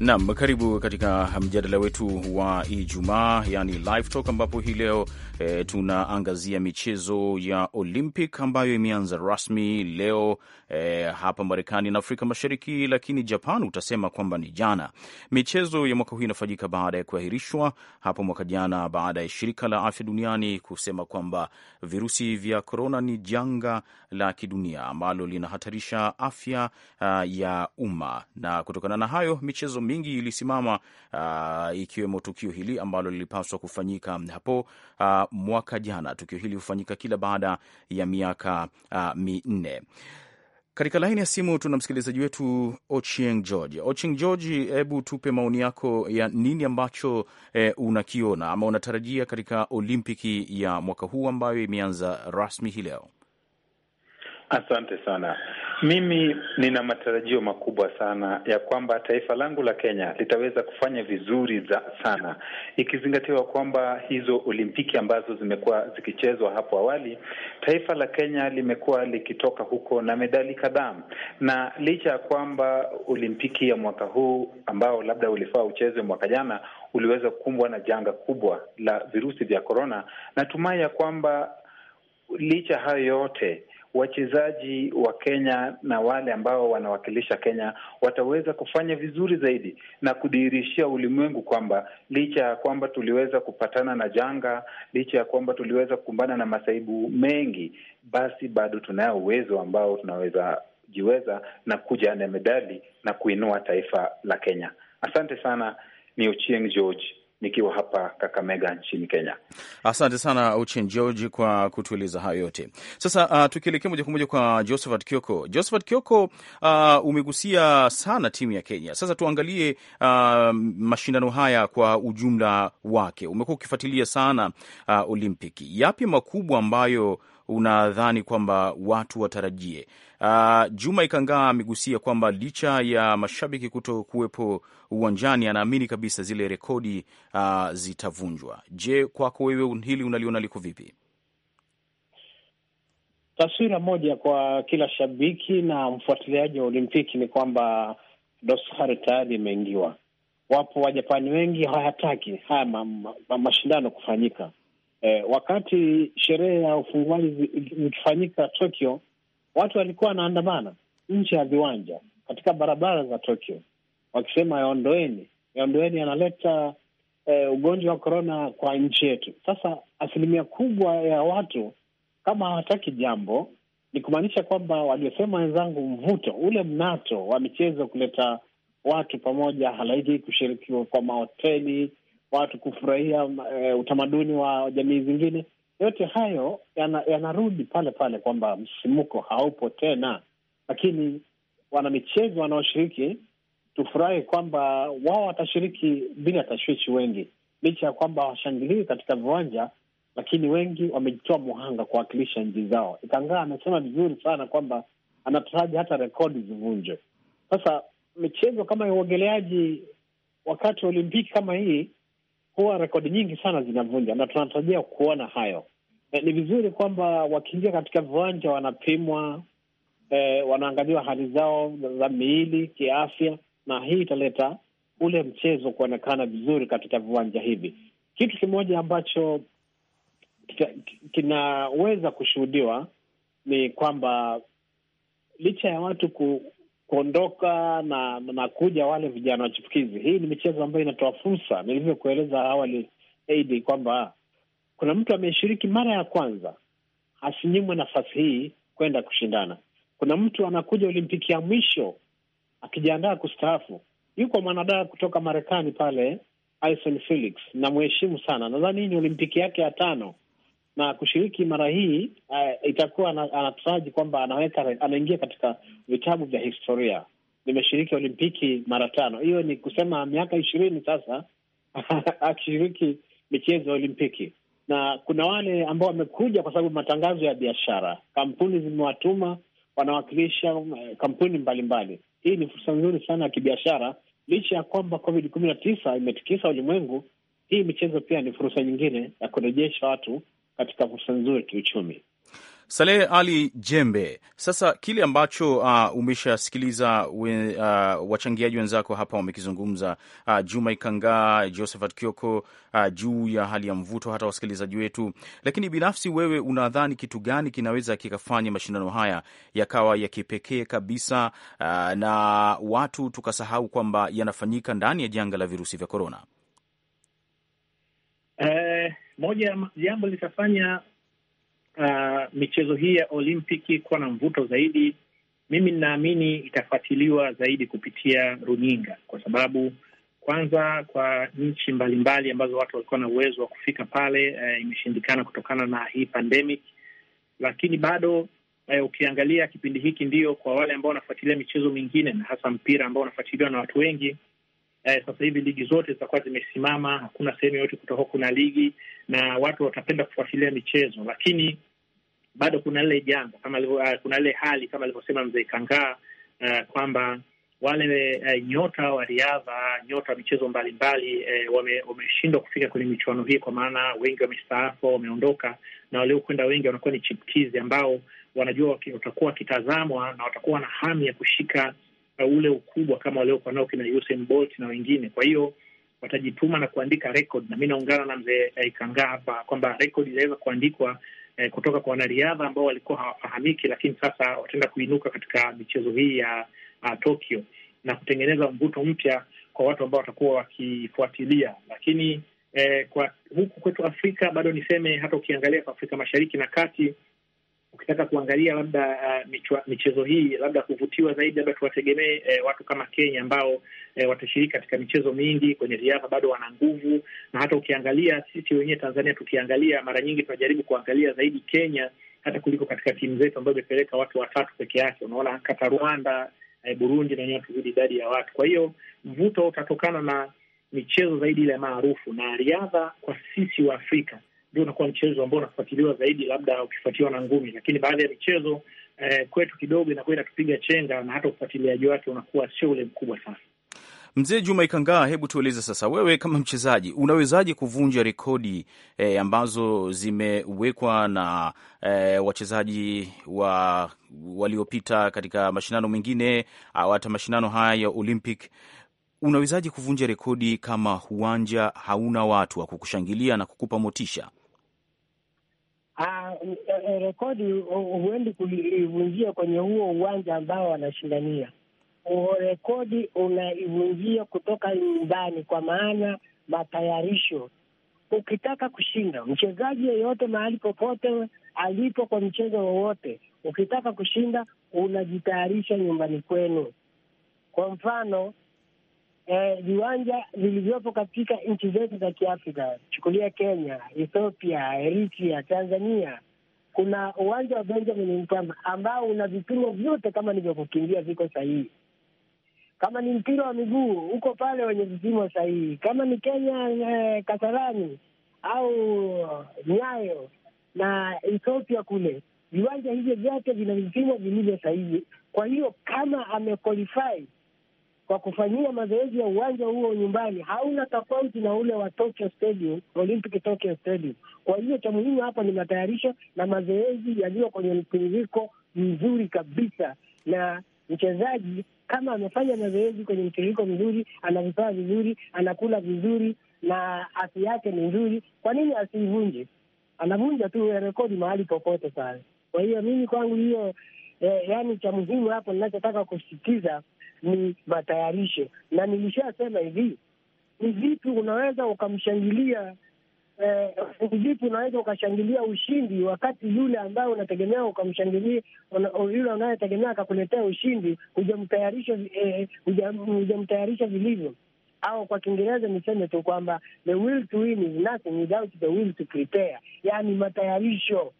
Nam, karibu katika mjadala wetu wa Ijumaa yani live talk, ambapo hii leo e, tunaangazia michezo ya Olympic ambayo imeanza rasmi leo e, hapa Marekani na Afrika Mashariki, lakini Japan utasema kwamba ni jana. Michezo ya mwaka huu inafanyika baada ya kuahirishwa hapo mwaka jana baada ya shirika la afya duniani kusema kwamba virusi vya korona ni janga la kidunia ambalo linahatarisha afya uh, ya umma, na kutokana na hayo michezo mingi mingi ilisimama, uh, ikiwemo tukio hili ambalo lilipaswa kufanyika hapo uh, mwaka jana. Tukio hili hufanyika kila baada ya miaka uh, minne. Katika laini ya simu tuna msikilizaji wetu Ochieng George. Ochieng George, hebu tupe maoni yako ya nini ambacho eh, unakiona ama unatarajia katika Olimpiki ya mwaka huu ambayo imeanza rasmi hii leo. Asante sana. Mimi nina matarajio makubwa sana ya kwamba taifa langu la Kenya litaweza kufanya vizuri za sana, ikizingatiwa kwamba hizo Olimpiki ambazo zimekuwa zikichezwa hapo awali, taifa la Kenya limekuwa likitoka huko na medali kadhaa, na licha ya kwamba Olimpiki ya mwaka huu ambao labda ulifaa uchezwe mwaka jana uliweza kukumbwa na janga kubwa la virusi vya korona, natumai ya kwamba licha hayo yote wachezaji wa Kenya na wale ambao wanawakilisha Kenya wataweza kufanya vizuri zaidi na kudhihirishia ulimwengu kwamba licha ya kwamba tuliweza kupatana na janga, licha ya kwamba tuliweza kukumbana na masaibu mengi, basi bado tunayo uwezo ambao tunaweza jiweza na kuja na medali na kuinua taifa la Kenya. Asante sana, ni Ochieng George nikiwa hapa Kakamega nchini Kenya. Asante sana Uchin George kwa kutueleza hayo yote. Sasa uh, tukielekea moja kwa moja kwa Josephat Kioko. Josephat Kioko, uh, umegusia sana timu ya Kenya. Sasa tuangalie uh, mashindano haya kwa ujumla wake. Umekuwa ukifuatilia sana uh, Olimpiki, yapi makubwa ambayo unadhani kwamba watu watarajie? Uh, Juma Ikangaa amegusia kwamba licha ya mashabiki kuto kuwepo uwanjani, anaamini kabisa zile rekodi uh, zitavunjwa. Je, kwako wewe hili unaliona liko vipi? Taswira moja kwa kila shabiki na mfuatiliaji wa Olimpiki ni kwamba dosari tayari imeingiwa. Wapo Wajapani wengi hawayataki haya ma, ma, ma, mashindano kufanyika, eh, wakati sherehe ya ufunguaji zikifanyika Tokyo, watu walikuwa wanaandamana nje ya viwanja katika barabara za Tokyo wakisema yaondoeni, yaondoeni, yanaleta eh, ugonjwa wa korona kwa nchi yetu. Sasa asilimia kubwa ya watu kama hawataki jambo, ni kumaanisha kwamba waliosema wenzangu, mvuto ule, mnato wa michezo kuleta watu pamoja, halaiki kushirikiwa kwa mahoteli watu kufurahia e, utamaduni wa jamii zingine. Yote hayo yana, yanarudi pale pale kwamba msisimuko haupo tena, lakini wanamichezo wanaoshiriki tufurahi kwamba wao watashiriki bila tashwishi, wengi licha ya kwamba washangilii katika viwanja, lakini wengi wamejitoa muhanga kuwakilisha nchi zao. Ikangaa amesema vizuri sana kwamba anataraji hata rekodi zivunjwe. Sasa michezo kama ya uogeleaji wakati wa Olimpiki kama hii huwa rekodi nyingi sana zinavunja, na tunatarajia kuona hayo. E, ni vizuri kwamba wakiingia katika viwanja wanapimwa, e, wanaangaliwa hali zao za miili kiafya, na hii italeta ule mchezo kuonekana vizuri katika viwanja hivi. Kitu kimoja ambacho kinaweza kushuhudiwa ni kwamba licha ya watu ku, kuondoka na na kuja wale vijana wachipukizi. Hii ni michezo ambayo inatoa fursa, nilivyokueleza awali Aidi, kwamba kuna mtu ameshiriki mara ya kwanza asinyimwe nafasi hii kwenda kushindana. Kuna mtu anakuja Olimpiki ya mwisho akijiandaa kustaafu. Yuko mwanadada kutoka Marekani pale, Allyson Felix, namheshimu sana, nadhani hii ni Olimpiki yake ya tano na kushiriki mara hii uh, itakuwa anataraji kwamba anaweka anaingia katika vitabu vya historia. Nimeshiriki Olimpiki mara tano, hiyo ni kusema miaka ishirini sasa akishiriki michezo ya Olimpiki. Na kuna wale ambao wamekuja kwa sababu matangazo ya biashara, kampuni zimewatuma, wanawakilisha eh, kampuni mbalimbali. Hii ni fursa nzuri sana ya kibiashara, licha ya kwamba COVID kumi na tisa imetikisa ulimwengu. Hii michezo pia ni fursa nyingine ya kurejesha watu katika fursa nzuri kiuchumi. Saleh Ali Jembe, sasa kile ambacho uh, umeshasikiliza we, uh, wachangiaji wenzako hapa wamekizungumza, uh, Juma Ikangaa, Josephat Kioko, uh, juu ya hali ya mvuto, hata wasikilizaji wetu. Lakini binafsi wewe unadhani kitu gani kinaweza kikafanya mashindano haya yakawa ya kipekee kabisa, uh, na watu tukasahau kwamba yanafanyika ndani ya janga la virusi vya korona? Eh, moja ya jambo litafanya uh, michezo hii ya Olimpiki kuwa na mvuto zaidi, mimi ninaamini itafuatiliwa zaidi kupitia runinga, kwa sababu kwanza, kwa nchi mbalimbali ambazo watu walikuwa na uwezo wa kufika pale eh, imeshindikana kutokana na hii pandemic, lakini bado eh, ukiangalia kipindi hiki ndio kwa wale ambao wanafuatilia michezo mingine na hasa mpira ambao unafuatiliwa na watu wengi eh, sasa hivi ligi zote zitakuwa zimesimama, hakuna sehemu yoyote kutakuwa kuna ligi na watu watapenda kufuatilia michezo, lakini bado kuna lile jambo kama uh, kuna ile hali kama alivyosema mzee Kangaa uh, eh, kwamba wale uh, nyota wa riadha, nyota wa michezo mbalimbali eh, wameshindwa wame kufika kwenye michuano hii, kwa maana wengi wamestaafu, wameondoka, na waliokwenda wengi wanakuwa ni chipkizi ambao wanajua watakuwa wakitazamwa na watakuwa na hamu ya kushika ule ukubwa kama waliokuwa nao kina Usain Bolt na wengine. Kwa hiyo watajituma na kuandika record, na mi naungana na mzee Ikangaa eh, hapa kwamba record inaweza kuandikwa eh, kutoka kwa wanariadha ambao walikuwa hawafahamiki, lakini sasa wataenda kuinuka katika michezo hii ya uh, Tokyo na kutengeneza mvuto mpya kwa watu ambao watakuwa wakifuatilia. Lakini eh, kwa huku kwetu Afrika bado niseme, hata ukiangalia kwa Afrika Mashariki na Kati ukitaka kuangalia labda uh, michwa, michezo hii labda kuvutiwa zaidi, labda tuwategemee eh, watu kama Kenya ambao eh, watashiriki katika michezo mingi kwenye riadha, bado wana nguvu, na hata ukiangalia sisi wenyewe Tanzania tukiangalia, mara nyingi tunajaribu kuangalia zaidi Kenya hata kuliko katika timu zetu ambayo imepeleka watu watatu peke yake. Unaona hata Rwanda eh, Burundi na wenyewe tuzidi idadi ya watu. Kwa hiyo mvuto utatokana na michezo zaidi ile maarufu na riadha. Kwa sisi wa Afrika ndio unakuwa mchezo ambao unafuatiliwa zaidi, labda ukifuatiwa na ngumi, lakini baadhi ya michezo eh, kwetu kidogo inakuwa inatupiga chenga na hata ufuatiliaji wake unakuwa sio ule mkubwa sana. Mzee Juma Ikangaa, hebu tueleze sasa, wewe kama mchezaji unawezaje kuvunja rekodi e, ambazo zimewekwa na e, wachezaji wa waliopita katika mashindano mengine au hata mashindano haya ya Olympic? unawezaji kuvunja rekodi kama uwanja hauna watu wa kukushangilia na kukupa motisha? Uh, rekodi huendi kuivunjia kwenye huo uwanja ambao wanashindania. Rekodi unaivunjia kutoka nyumbani, kwa maana matayarisho. Ukitaka kushinda, mchezaji yeyote mahali popote alipo kwa mchezo wowote, ukitaka kushinda unajitayarisha nyumbani kwenu. Kwa mfano Eh, viwanja eh, vilivyopo katika nchi zetu za Kiafrika, chukulia Kenya, Ethiopia, Eritrea, Tanzania, kuna uwanja wa Benjamin Mkapa ambao una vipimo vyote, kama nivyokukimbia viko sahihi, kama ni mpira wa miguu huko pale wenye vipimo sahihi, kama ni Kenya eh, Kasarani au Nyayo na Ethiopia kule, viwanja hivyo vyote vina vipimo vilivyo sahihi. Kwa hiyo kama amequalify kwa kufanyia mazoezi ya uwanja huo nyumbani hauna tofauti na ule wa Tokyo Stadium, Olympic Tokyo Stadium. Kwa hiyo cha muhimu hapa ni matayarisho na mazoezi yaliyo kwenye mtiririko mzuri kabisa, na mchezaji kama amefanya mazoezi kwenye mtiririko mzuri, ana vifaa vizuri, anakula vizuri na afya yake ni nzuri, kwa nini asiivunje? Anavunja tu ya rekodi mahali popote pale. Kwa hiyo mimi kwangu hiyo eh, yani cha muhimu hapo ninachotaka kusisitiza ni matayarisho, na nilishasema hivi, ni vipi unaweza ukamshangilia Eh, vipi unaweza ukashangilia ushindi wakati yule ambaye unategemea ukamshangilia yule unayetegemea akakuletea ushindi hujamtayarisha eh, hujamtayarisha vilivyo, au kwa Kiingereza niseme tu kwamba the will to win is nothing without the will to prepare, yaani matayarisho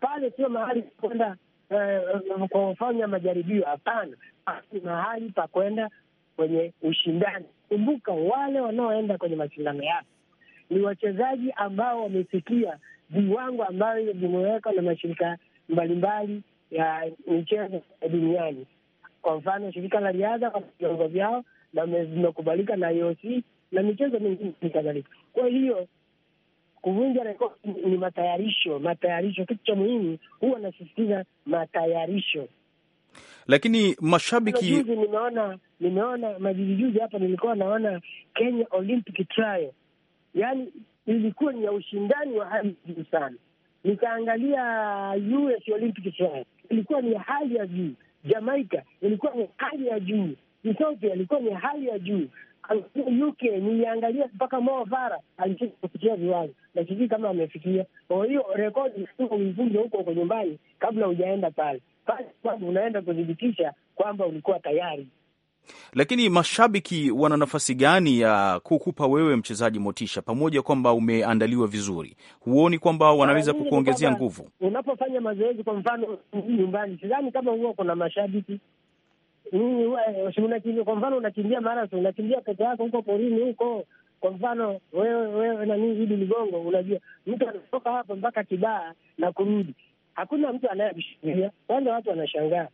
pale sio mahali kwenda Eh, eh, kufanya majaribio. Hapana, ni mahali pa kwenda kwenye ushindani. Kumbuka wale wanaoenda kwenye mashindano yake ni wachezaji ambao wamefikia viwango ambavyo vimewekwa na mashirika mbalimbali ya michezo duniani. Kwa mfano, shirika la riadha kwa viwango vyao na vimekubalika na IOC na michezo mingine kadhalika. Kwa hiyo Kuvunja rekodi ni matayarisho, matayarisho. Kitu cha muhimu huwa nasisitiza matayarisho. Lakini mashabiki juzi, nimeona nimeona majiji juzi hapa nilikuwa naona Kenya Olympic Trial, yaani ilikuwa ni ya ushindani wa hali juu sana. Nikaangalia US Olympic Trial ilikuwa ni hali ya juu, Jamaica ilikuwa ni hali ya juu, Ethiopia ilikuwa ni hali ya juu. UK niliangalia mpaka Mo Farah alikuwa kufikia na sijui kama amefikia. Kwa hiyo rekodi uivunje huko kwa nyumbani kabla hujaenda pale pale, kwamba unaenda kuthibitisha kwamba ulikuwa tayari. Lakini mashabiki wana nafasi gani ya kukupa wewe mchezaji motisha, pamoja kwamba umeandaliwa vizuri? Huoni kwamba wanaweza kukuongezea nguvu unapofanya mazoezi? Kwa mfano nyumbani, sidhani kama huwa kuna mashabiki Eh, kwa mfano unakimbia marathon, unakimbia peke yako huko porini huko. Kwa mfano wewe wewe nani, Idi Ligongo, unajua mtu anatoka hapa mpaka Kibaa na kurudi, hakuna mtu anayemshikilia. Kwanza watu wanashangaa,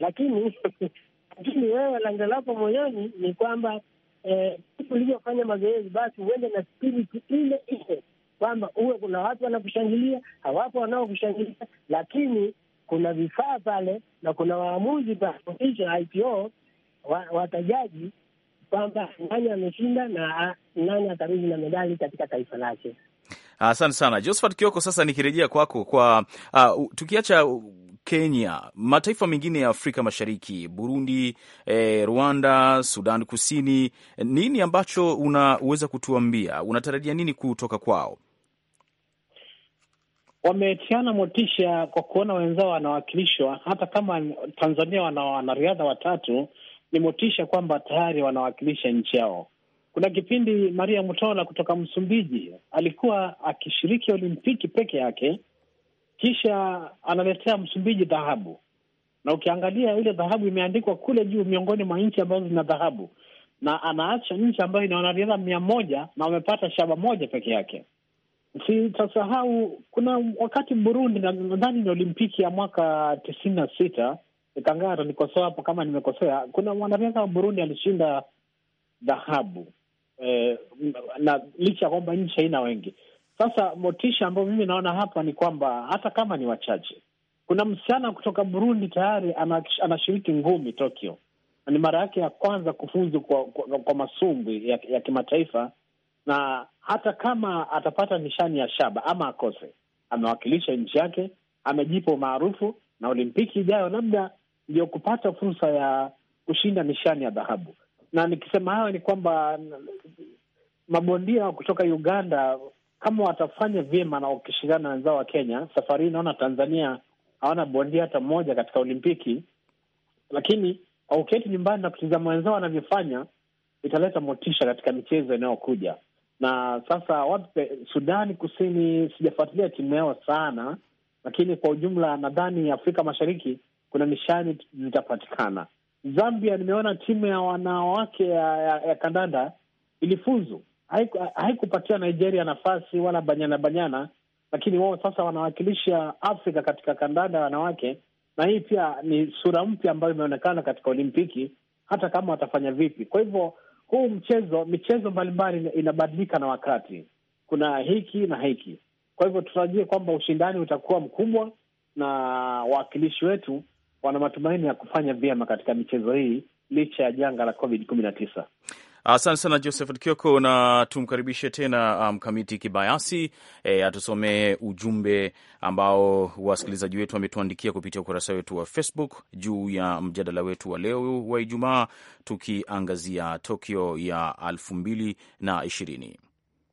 lakini lakini wewe lako moyoni ni kwamba eh, ulivyofanya mazoezi, basi uende na spiriti ile ile kwamba uwe kuna watu wanakushangilia, hawapo wanaokushangilia, lakini kuna vifaa pale na kuna waamuzi pakuisha IPO watajaji wa kwamba nani ameshinda na nani atarudi na medali katika taifa lake. Asante sana Josephat Kioko. Sasa nikirejea kwako kwa, uh, tukiacha Kenya, mataifa mengine ya Afrika Mashariki, Burundi, eh, Rwanda, Sudan Kusini, nini ambacho unaweza kutuambia, unatarajia nini kutoka kwao? wametiana motisha kwa kuona wenzao wanawakilishwa. Hata kama Tanzania wana wanariadha watatu, ni motisha kwamba tayari wanawakilisha nchi yao. Kuna kipindi Maria Mutola kutoka Msumbiji alikuwa akishiriki Olimpiki peke yake, kisha analetea Msumbiji dhahabu, na ukiangalia ile dhahabu imeandikwa kule juu miongoni mwa nchi ambazo zina dhahabu, na anaacha nchi ambayo ina wanariadha mia moja na wamepata shaba moja peke yake sitasahau kuna wakati Burundi, nadhani ni Olimpiki ya mwaka tisini na sita Kangara, nikosoa hapo kama nimekosea. Kuna mwanariadha wa Burundi alishinda dhahabu e, na licha ya kwamba nchi haina wengi. Sasa motisha ambayo mimi naona hapa ni kwamba hata kama ni wachache, kuna msichana kutoka Burundi tayari anashiriki ngumi Tokyo, ni mara yake ya kwanza kufuzu kwa, kwa, kwa masumbwi ya, ya kimataifa na hata kama atapata nishani ya shaba ama akose, amewakilisha nchi yake, amejipa umaarufu, na Olimpiki ijayo labda ndio kupata fursa ya kushinda nishani ya dhahabu. Na nikisema hayo ni kwamba mabondia kutoka Uganda kama watafanya vyema na wakishindana na wenzao wa Kenya, safari hii naona Tanzania hawana bondia hata mmoja katika Olimpiki, lakini wauketi nyumbani na kutizama wenzao wanavyofanya, italeta motisha katika michezo inayokuja na sasa watu Sudani Kusini, sijafuatilia timu yao sana, lakini kwa ujumla nadhani Afrika Mashariki kuna nishani zitapatikana. Zambia, nimeona timu ya wanawake ya, ya, ya kandanda ilifuzu, haikupatia Nigeria nafasi wala banyana banyana, lakini wao sasa wanawakilisha Afrika katika kandanda ya wanawake, na hii pia ni sura mpya ambayo imeonekana katika Olimpiki, hata kama watafanya vipi. Kwa hivyo huu mchezo, michezo mbalimbali inabadilika na wakati, kuna hiki na hiki. Kwa hivyo tutarajie kwamba ushindani utakuwa mkubwa na wawakilishi wetu wana matumaini ya kufanya vyema katika michezo hii licha ya janga la COVID kumi na tisa. Asante sana Josephat Kioko, na tumkaribishe tena uh, mkamiti um, kibayasi e, atusomee ujumbe ambao wasikilizaji wetu wametuandikia kupitia ukurasa wetu wa Facebook juu ya mjadala wetu wa leo wa Ijumaa tukiangazia Tokyo ya elfu mbili na ishirini.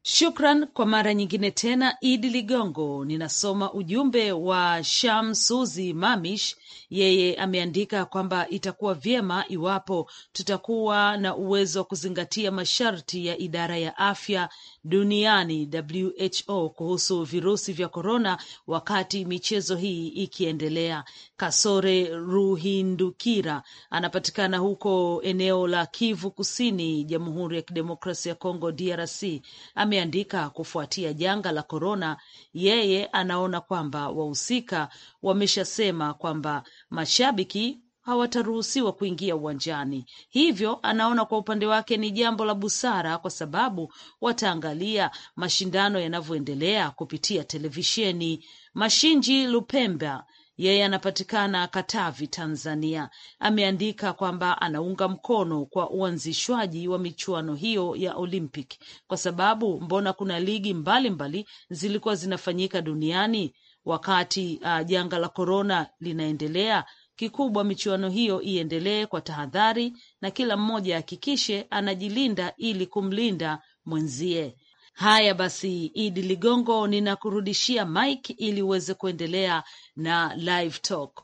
Shukran kwa mara nyingine tena, Idi Ligongo. Ninasoma ujumbe wa Shamsuzi Mamish, yeye ameandika kwamba itakuwa vyema iwapo tutakuwa na uwezo wa kuzingatia masharti ya idara ya afya duniani WHO kuhusu virusi vya korona wakati michezo hii ikiendelea. Kasore Ruhindukira anapatikana huko eneo la Kivu Kusini, Jamhuri ya Kidemokrasia ya Kongo, DRC. Ameandika kufuatia janga la korona, yeye anaona kwamba wahusika wameshasema kwamba mashabiki hawataruhusiwa kuingia uwanjani. Hivyo anaona kwa upande wake ni jambo la busara, kwa sababu wataangalia mashindano yanavyoendelea kupitia televisheni. Mashinji Lupemba yeye anapatikana Katavi, Tanzania, ameandika kwamba anaunga mkono kwa uanzishwaji wa michuano hiyo ya Olympic kwa sababu mbona kuna ligi mbalimbali mbali zilikuwa zinafanyika duniani wakati uh, janga la korona linaendelea kikubwa michuano hiyo iendelee kwa tahadhari na kila mmoja ahakikishe anajilinda ili kumlinda mwenzie. Haya basi, Idi Ligongo, ninakurudishia mik ili uweze kuendelea na live talk.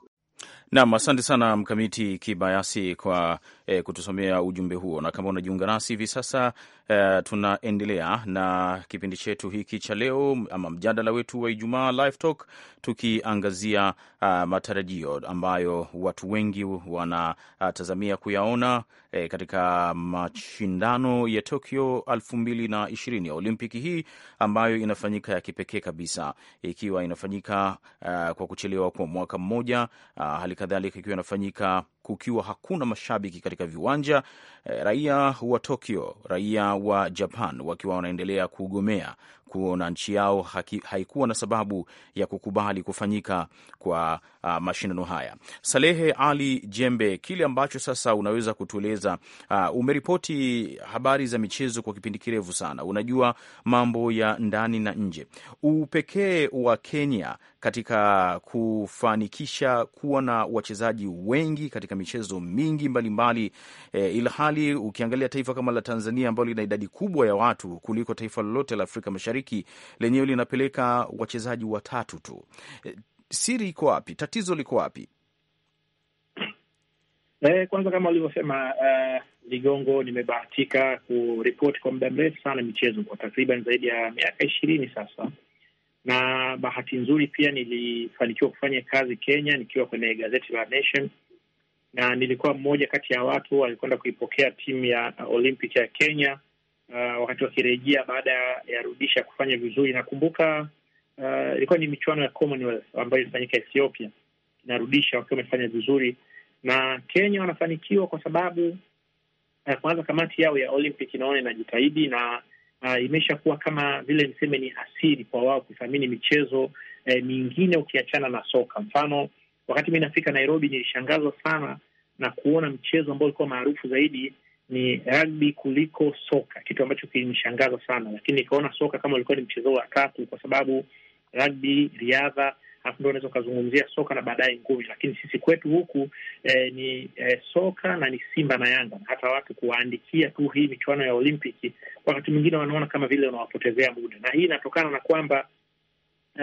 Naam, asante sana Mkamiti Kibayasi kwa e, kutusomea ujumbe huo. Na kama unajiunga nasi hivi sasa e, tunaendelea na kipindi chetu hiki cha leo ama mjadala wetu wa Ijumaa Live Talk, tukiangazia a, ah, matarajio ambayo watu wengi wanatazamia kuyaona e, katika mashindano ya Tokyo 2020 ya Olimpiki hii ambayo inafanyika ya kipekee kabisa, ikiwa inafanyika a, ah, kwa kuchelewa kwa mwaka mmoja, ah, hali kadhalika ikiwa inafanyika kukiwa hakuna mashabiki katika viwanja, eh, raia wa Tokyo, raia wa Japan wakiwa wanaendelea kugomea kuona nchi yao haki, haikuwa na sababu ya kukubali kufanyika kwa uh, mashindano haya. Salehe Ali Jembe, kile ambacho sasa unaweza kutueleza uh, umeripoti habari za michezo kwa kipindi kirefu sana, unajua mambo ya ndani na nje. Upekee wa Kenya katika kufanikisha kuwa na wachezaji wengi katika michezo mingi mbalimbali mbali, eh, e, ilhali ukiangalia taifa kama la Tanzania ambalo lina idadi kubwa ya watu kuliko taifa lolote la Afrika Mashariki Mashariki lenyewe linapeleka wachezaji watatu tu. Eh, siri iko wapi? Tatizo liko wapi? E, kwanza kama ulivyosema uh, Ligongo, nimebahatika kuripoti kwa muda mrefu sana michezo kwa takriban zaidi ya miaka ishirini sasa, na bahati nzuri pia nilifanikiwa kufanya kazi Kenya nikiwa kwenye gazeti la Nation, na nilikuwa mmoja kati ya watu walikwenda kuipokea timu ya Olympic ya Kenya uh, wakati wakirejea baada ya Rudisha kufanya vizuri. Nakumbuka eh, ilikuwa uh, ni michuano ya Commonwealth ambayo ilifanyika Ethiopia inarudisha wakiwa wamefanya vizuri, na Kenya wanafanikiwa kwa sababu uh, kwanza kamati yao ya Olympic inaona inajitahidi na Uh, imeshakuwa kama vile niseme ni asili kwa wao kuthamini michezo eh, mingine ukiachana na soka. Mfano, wakati mi nafika Nairobi nilishangazwa sana na kuona mchezo ambao ulikuwa maarufu zaidi ni rugby kuliko soka, kitu ambacho kilinishangaza sana, lakini nikaona soka kama ulikuwa ni mchezo wa tatu, kwa sababu rugby riadha alafu ndo unaweza ukazungumzia soka na baadaye ngumi, lakini sisi kwetu huku eh, ni eh, soka na ni Simba na Yanga, na hata watu kuwaandikia tu hii michuano ya Olimpiki wakati mwingine wanaona kama vile unawapotezea muda, na hii inatokana na kwamba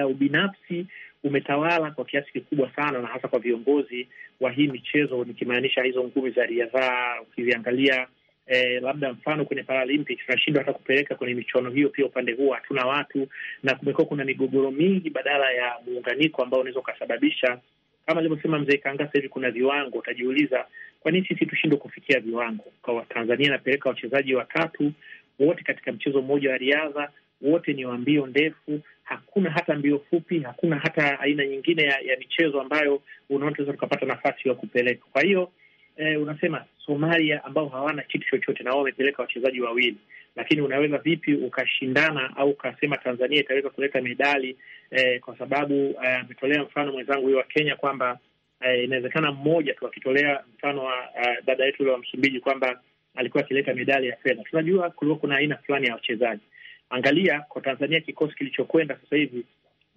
uh, ubinafsi umetawala kwa kiasi kikubwa sana, na hasa kwa viongozi wa hii michezo, nikimaanisha hizo ngumi za riadhaa. Ukiziangalia eh, labda mfano kwenye Paralympics tunashindwa hata kupeleka kwenye michuano hiyo, pia upande huo hatuna watu, na kumekuwa kuna migogoro mingi badala ya muunganiko ambao unaweza ukasababisha kama alivyosema mzee Kanga, sasa hivi kuna viwango. Utajiuliza, kwa nini sisi tushindwe kufikia viwango? Kwa Tanzania inapeleka wachezaji watatu wote katika mchezo mmoja wa riadha, wote ni wa mbio ndefu, hakuna hata mbio fupi, hakuna hata aina nyingine ya, ya michezo ambayo unaona tukapata nafasi ya kupeleka. Kwa hiyo eh, unasema Somalia ambao hawana kitu chochote na wao wamepeleka wachezaji wawili, lakini unaweza vipi ukashindana au ukasema Tanzania itaweza kuleta medali eh, kwa sababu eh, ametolea eh, mfano mwenzangu huyo wa Kenya kwamba eh, inawezekana mmoja tu akitolea mfano wa eh, dada yetu ule wa Msumbiji kwamba alikuwa akileta medali ya fedha. Tunajua kulikuwa kuna aina fulani ya wachezaji Angalia kwa Tanzania, kikosi kilichokwenda sasa hivi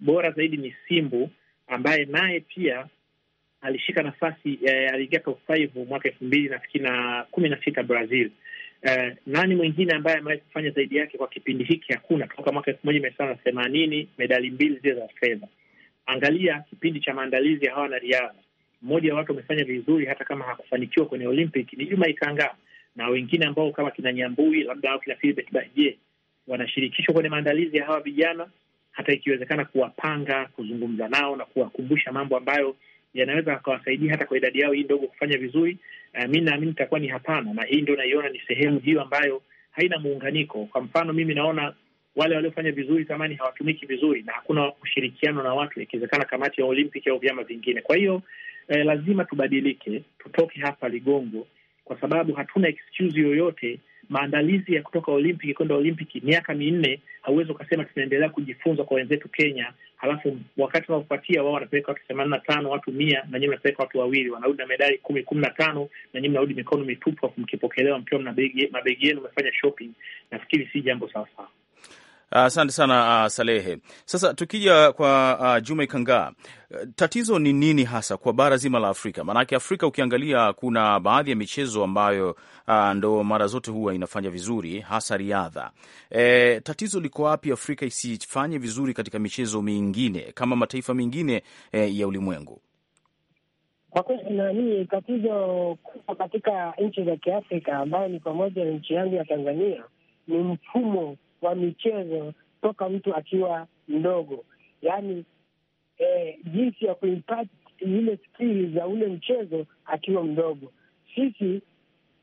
bora zaidi ni Simbu ambaye naye pia alishika nafasi eh, aliingia top five mwaka elfu mbili nafikiri na kumi na sita Brazil. Eh, nani mwingine ambaye amewahi kufanya zaidi yake kwa kipindi hiki? Hakuna toka mwaka elfu moja mia tisa na themanini medali mbili zile za fedha. Angalia kipindi cha maandalizi ya hawa riadha, mmoja wa watu wamefanya vizuri hata kama hakufanikiwa kwenye Olympic ni Juma Ikangaa, na wengine ambao kama kina Nyambui labda au kina Baje wanashirikishwa kwenye maandalizi ya hawa vijana, hata ikiwezekana kuwapanga, kuzungumza nao na kuwakumbusha mambo ambayo yanaweza akawasaidia hata kwa idadi yao hii ndogo kufanya vizuri. Uh, eh, mi naamini itakuwa ni hapana, na hii ndo naiona ni sehemu hiyo ambayo haina muunganiko. Kwa mfano, mimi naona wale waliofanya vizuri zamani hawatumiki vizuri na hakuna ushirikiano na watu, ikiwezekana kamati ya Olimpiki au vyama vingine. Kwa hiyo eh, lazima tubadilike, tutoke hapa ligongo, kwa sababu hatuna excuse yoyote maandalizi ya kutoka Olimpiki kwenda Olimpiki miaka minne, hauwezi ukasema tunaendelea kujifunza kwa wenzetu Kenya, halafu wakati unaofuatia wao wanapeleka watu themanini na tano watu mia na nyie mnapeleka watu wawili, wanarudi na medali kumi kumi na tano na nyie mnarudi mikono mitupu, afu mkipokelewa mkiwa mna mabegi yenu, umefanya shopping. Nafikiri si jambo sawasawa. Asante uh, sana uh, Salehe. Sasa tukija kwa uh, Juma Ikangaa, tatizo ni nini hasa kwa bara zima la Afrika? Maanake Afrika ukiangalia, kuna baadhi ya michezo ambayo uh, ndo mara zote huwa inafanya vizuri, hasa riadha. E, tatizo liko wapi Afrika isifanye vizuri katika michezo mingine kama mataifa mengine e, ya ulimwengu? Kwa kweli nani tatizo kubwa katika nchi za Kiafrika ambayo ni pamoja na nchi yangu ya Tanzania ni mfumo wa michezo toka mtu akiwa mdogo, yaani eh, jinsi ya kuimpact ile skili za ule mchezo akiwa mdogo. Sisi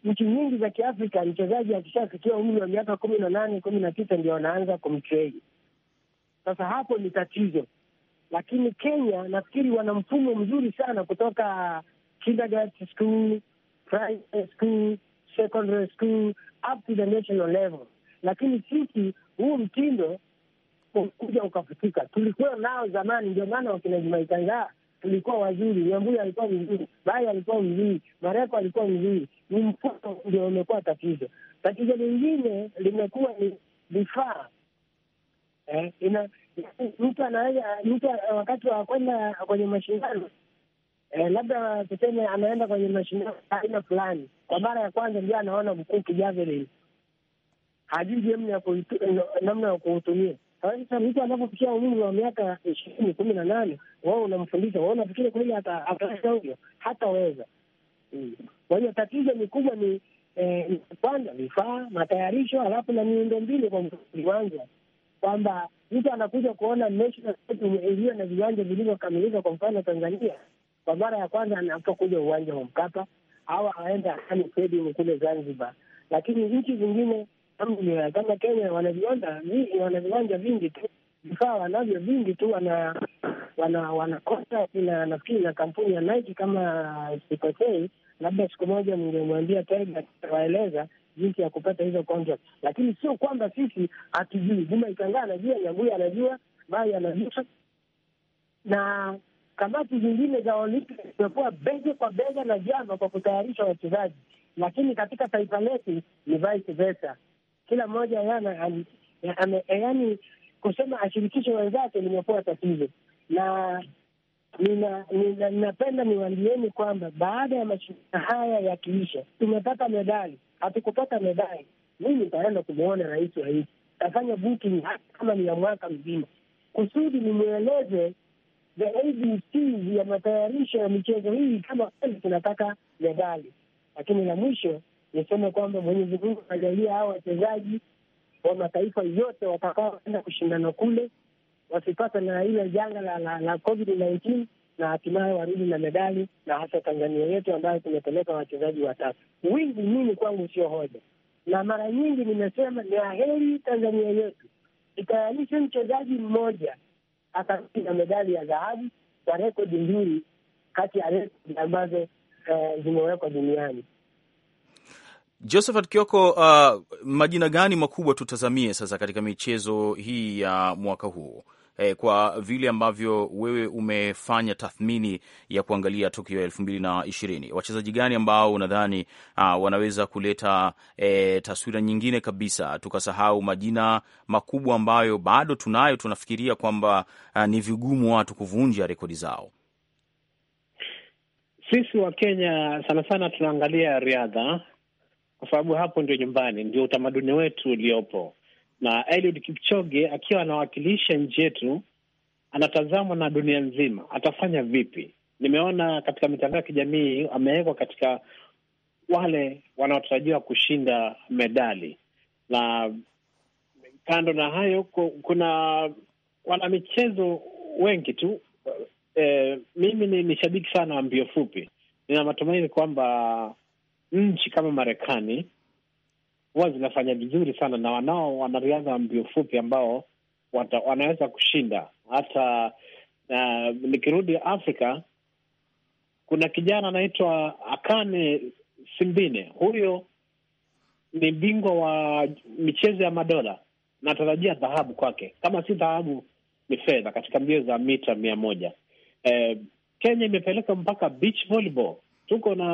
nchi nyingi za Kiafrika, mchezaji akishafikia umri wa miaka kumi na nane kumi na tisa ndio wanaanza kumtrei. Sasa hapo ni tatizo, lakini Kenya nafikiri wana mfumo mzuri sana kutoka kindergarten school, primary school, secondary school up to the national level lakini sisi huu mtindo kuja ukafutika, tulikuwa nao zamani. Ndio maana wakina tulikuwa wazuri, Nyambuya alikuwa mzuri, Bai alikuwa mzuri, Mareko alikuwa mzuri. Ni mfumo ndio umekuwa tatizo. Tatizo lingine limekuwa ni vifaa eh, ina mtu anaweza mtu wakati wa kwenda kwenye mashindano eh, labda tuseme anaenda kwenye mashindano aina fulani, kwa mara ya kwanza ndio anaona mkuki javelin hajui namna ya kuutumia. Sasa mtu anapofikia umri wa miaka ishirini kumi na nane wao unamfundisha wao, nafikiri kweli ataweza huyo? Hataweza. Mm. Kwa hiyo tatizo ni kubwa eh, ni kwanza vifaa, matayarisho, halafu na miundo mbinu kwa viwanja, kwamba mtu anakuja kuona iliyo na viwanja vilivyokamilika. Kwa mfano Tanzania, kwa mara ya kwanza anapokuja uwanja wa Mkapa au aenda kule Zanzibar, lakini nchi zingine kama Kenya wana viwanda vingi, wana viwanja vingi tu, vifaa wanavyo vingi tu, wana wana wanakosa kina, nafikiri na kampuni ya Nike kama sikosei, labda siku moja mngemwambia Tiger tawaeleza jinsi ya kupata hizo contract, lakini sio kwamba sisi hatujui. Juma Ikangaa anajua, nyambuya anajua, Bai anajua na kamati zingine za Olimpiki zimekuwa bega kwa bega na vyama kwa kutayarisha wachezaji, lakini katika taifa letu ni vice versa kila mmoja yana yaani, kusema ashirikishe wenzake limekuwa tatizo, na ninapenda niwaambieni kwamba baada ya mashindano haya yakiisha, tumepata medali, hatukupata medali, mimi nitaenda kumwona rais wa nchi, tafanya booking hata kama ni ya mwaka mzima, kusudi nimweleze ya matayarisho ya michezo hii kama kweli tunataka medali. Lakini la mwisho niseme kwamba Mwenyezi Mungu akajalia hao wachezaji wa mataifa yote watakaoenda kushindana kule wasipata na ile janga la, la, la COVID 19 na hatimaye warudi na medali, na hasa Tanzania yetu ambayo tumepeleka wachezaji watatu. Wingi mimi kwangu sio hoja, na mara nyingi nimesema ni aheri Tanzania yetu itayalishe mchezaji mmoja akarudi na medali ya dhahabu kwa rekodi nzuri kati ya rekodi ambazo eh, zimewekwa duniani. Josephat Kioko, uh, majina gani makubwa tutazamie sasa katika michezo hii ya uh, mwaka huu eh, kwa vile ambavyo wewe umefanya tathmini ya kuangalia Tokyo elfu mbili na ishirini, wachezaji gani ambao unadhani uh, wanaweza kuleta eh, taswira nyingine kabisa, tukasahau majina makubwa ambayo bado tunayo, tunafikiria kwamba uh, ni vigumu watu kuvunja rekodi zao? Sisi wa Kenya sana sana tunaangalia riadha kwa sababu hapo ndio nyumbani, ndio utamaduni wetu uliopo. Na Eliud Kipchoge akiwa anawakilisha nchi yetu, anatazamwa na dunia nzima, atafanya vipi? Nimeona katika mitandao ya kijamii amewekwa katika wale wanaotarajiwa kushinda medali, na kando na hayo kuna wanamichezo wengi tu. E, mimi ni, ni shabiki sana wa mbio fupi. Nina matumaini kwamba nchi kama Marekani huwa zinafanya vizuri sana na wanao wanariadha wa mbio fupi ambao wata, wanaweza kushinda hata. Uh, nikirudi Afrika kuna kijana anaitwa Akane Simbine, huyo ni bingwa wa michezo ya madola. Natarajia dhahabu kwake, kama si dhahabu ni fedha katika mbio za mita mia moja. Eh, Kenya imepeleka mpaka beach volleyball. Tuko na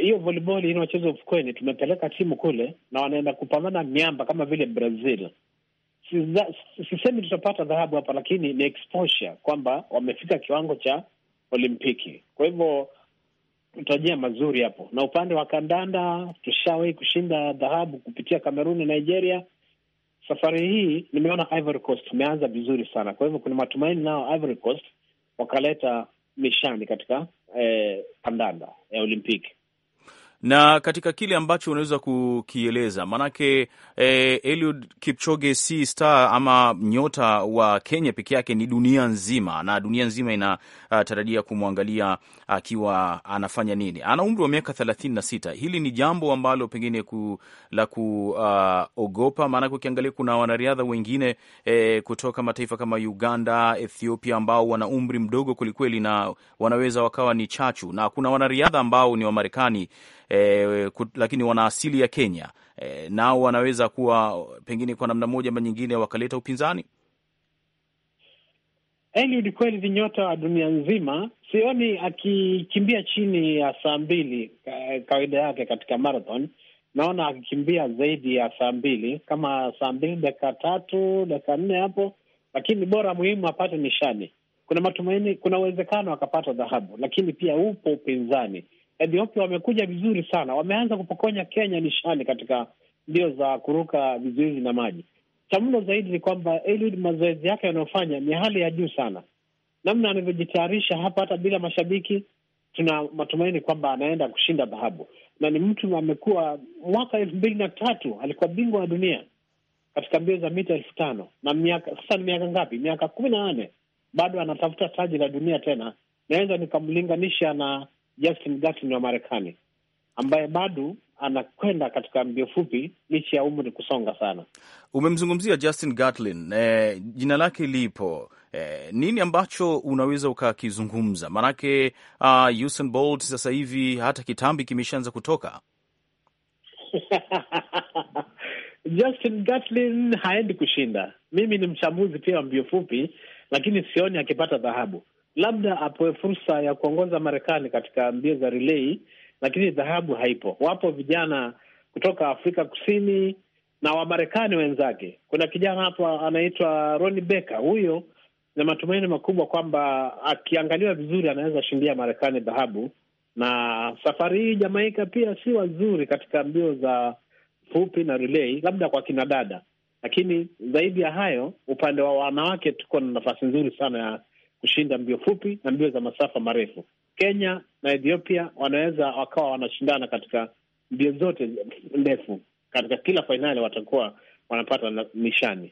hiyo voliboli inaochezwa ufukweni, tumepeleka timu kule na wanaenda kupambana miamba kama vile Brazil. Sisemi tutapata dhahabu hapa, lakini ni exposure kwamba wamefika kiwango cha Olimpiki. Kwa hivyo tutajia mazuri hapo. Na upande wa kandanda, tushawahi kushinda dhahabu kupitia Kamerun Nigeria. Safari hii nimeona Ivory Coast imeanza vizuri sana, kwa hivyo kuna matumaini nao Ivory Coast wakaleta mishani katika eh, kandanda ya Olimpiki na katika kile ambacho unaweza kukieleza maanake, eh, Eliud Kipchoge si star ama nyota wa Kenya peke yake, ni dunia nzima, na dunia nzima inatarajia kumwangalia akiwa anafanya nini. Ana umri wa miaka thelathini na sita. Hili ni jambo ambalo pengine ku, la kuogopa uh, maanake ukiangalia kuna wanariadha wengine eh, kutoka mataifa kama Uganda, Ethiopia ambao wana umri mdogo kwelikweli na wanaweza wakawa ni chachu, na kuna wanariadha ambao ni Wamarekani e, kut, lakini wana asili ya Kenya e, nao wanaweza kuwa pengine kwa namna moja ama nyingine wakaleta upinzani. Eliud kweli ni nyota wa dunia nzima. Sioni akikimbia chini ya saa mbili kawaida yake katika marathon. Naona akikimbia zaidi ya saa mbili kama saa mbili dakika tatu dakika nne hapo, lakini bora muhimu apate nishani. Kuna matumaini, kuna uwezekano akapata dhahabu, lakini pia upo upinzani. Ethiopia wamekuja vizuri sana, wameanza kupokonya Kenya nishani katika mbio za kuruka vizuizi na maji. Cha mno zaidi ni kwamba Eliud mazoezi yake yanayofanya ni hali ya juu sana, namna anavyojitayarisha hapa, hata bila mashabiki. Tuna matumaini kwamba anaenda kushinda dhahabu, na ni mtu amekuwa, mwaka elfu mbili na tatu alikuwa bingwa wa dunia katika mbio za mita elfu tano na miaka sasa, ni miaka ngapi? Miaka kumi na nane, bado anatafuta taji la dunia tena. Naweza nikamlinganisha na Justin Gatlin wa Marekani ambaye bado anakwenda katika mbio fupi licha ya umri kusonga sana. Umemzungumzia Justin Gatlin, e, jina lake lipo e, nini ambacho unaweza ukakizungumza? Maanake uh, ah, Usain Bolt sasa hivi hata kitambi kimeshaanza kutoka Justin Gatlin haendi kushinda. Mimi ni mchambuzi pia wa mbio fupi, lakini sioni akipata dhahabu labda apewe fursa ya kuongoza Marekani katika mbio za relei, lakini dhahabu haipo. Wapo vijana kutoka Afrika Kusini na Wamarekani wenzake. Kuna kijana hapo anaitwa Roni Beka, huyo na matumaini makubwa kwamba akiangaliwa vizuri anaweza shindia Marekani dhahabu. Na safari hii Jamaika pia si wazuri katika mbio za fupi na relei, labda kwa kinadada, lakini zaidi ya hayo, upande wa wanawake tuko na nafasi nzuri sana ya kushinda mbio fupi na mbio za masafa marefu. Kenya na Ethiopia wanaweza wakawa wanashindana katika mbio zote ndefu, katika kila fainali watakuwa wanapata nishani.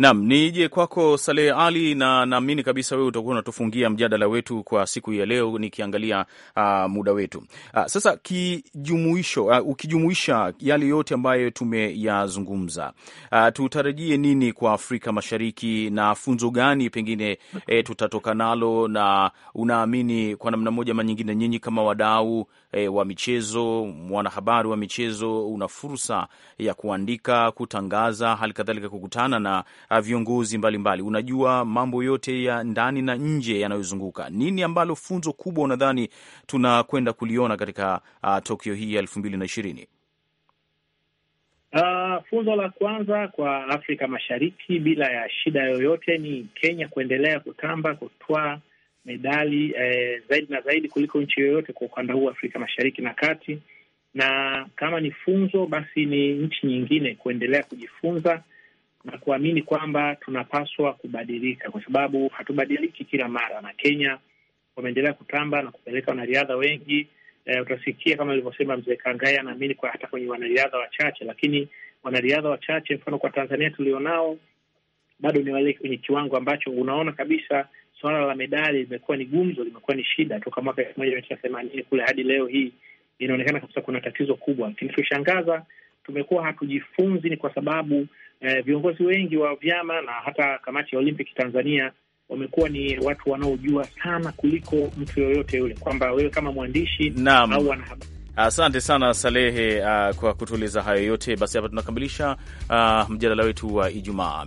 Naam, nije kwako Saleh Ali, na naamini kabisa wewe utakuwa unatufungia mjadala wetu kwa siku ya leo, nikiangalia uh, muda wetu uh, sasa kijumuisho uh, ukijumuisha yale yote ambayo tumeyazungumza, uh, tutarajie nini kwa Afrika Mashariki na funzo gani pengine eh, tutatoka nalo, na unaamini kwa namna moja ama nyingine, nyinyi kama wadau E, wa michezo, mwanahabari wa michezo, una fursa ya kuandika, kutangaza, hali kadhalika kukutana na viongozi mbalimbali, unajua mambo yote ya ndani na nje yanayozunguka. Nini ambalo funzo kubwa unadhani tunakwenda kuliona katika uh, Tokyo hii ya elfu mbili na ishirini? Uh, funzo la kwanza kwa Afrika Mashariki bila ya shida yoyote ni Kenya kuendelea kutamba kutwaa medali eh, zaidi na zaidi kuliko nchi yoyote kwa ukanda huu Afrika Mashariki na Kati, na kama ni funzo basi ni nchi nyingine kuendelea kujifunza na kuamini kwamba tunapaswa kubadilika, kwa sababu hatubadiliki kila mara, na Kenya wameendelea kutamba na kupeleka wanariadha wengi. E, utasikia kama alivyosema mzee kangai anaamini kwa hata kwenye wanariadha wachache, lakini wanariadha wachache, mfano kwa Tanzania tulionao bado ni wale kwenye kiwango ambacho unaona kabisa suala la medali limekuwa ni gumzo, limekuwa ni shida toka mwaka elfu moja mia tisa themanini kule hadi leo hii, inaonekana kabisa kuna tatizo kubwa. Kinachoshangaza tumekuwa hatujifunzi ni kwa sababu eh, viongozi wengi wa vyama na hata kamati ya Olympic Tanzania wamekuwa ni watu wanaojua sana kuliko mtu yoyote yule, kwamba wewe kama mwandishi Naam. au wanahabari Asante sana Salehe, uh, kwa kutueleza hayo yote. Basi hapa tunakamilisha uh, mjadala wetu wa Ijumaa.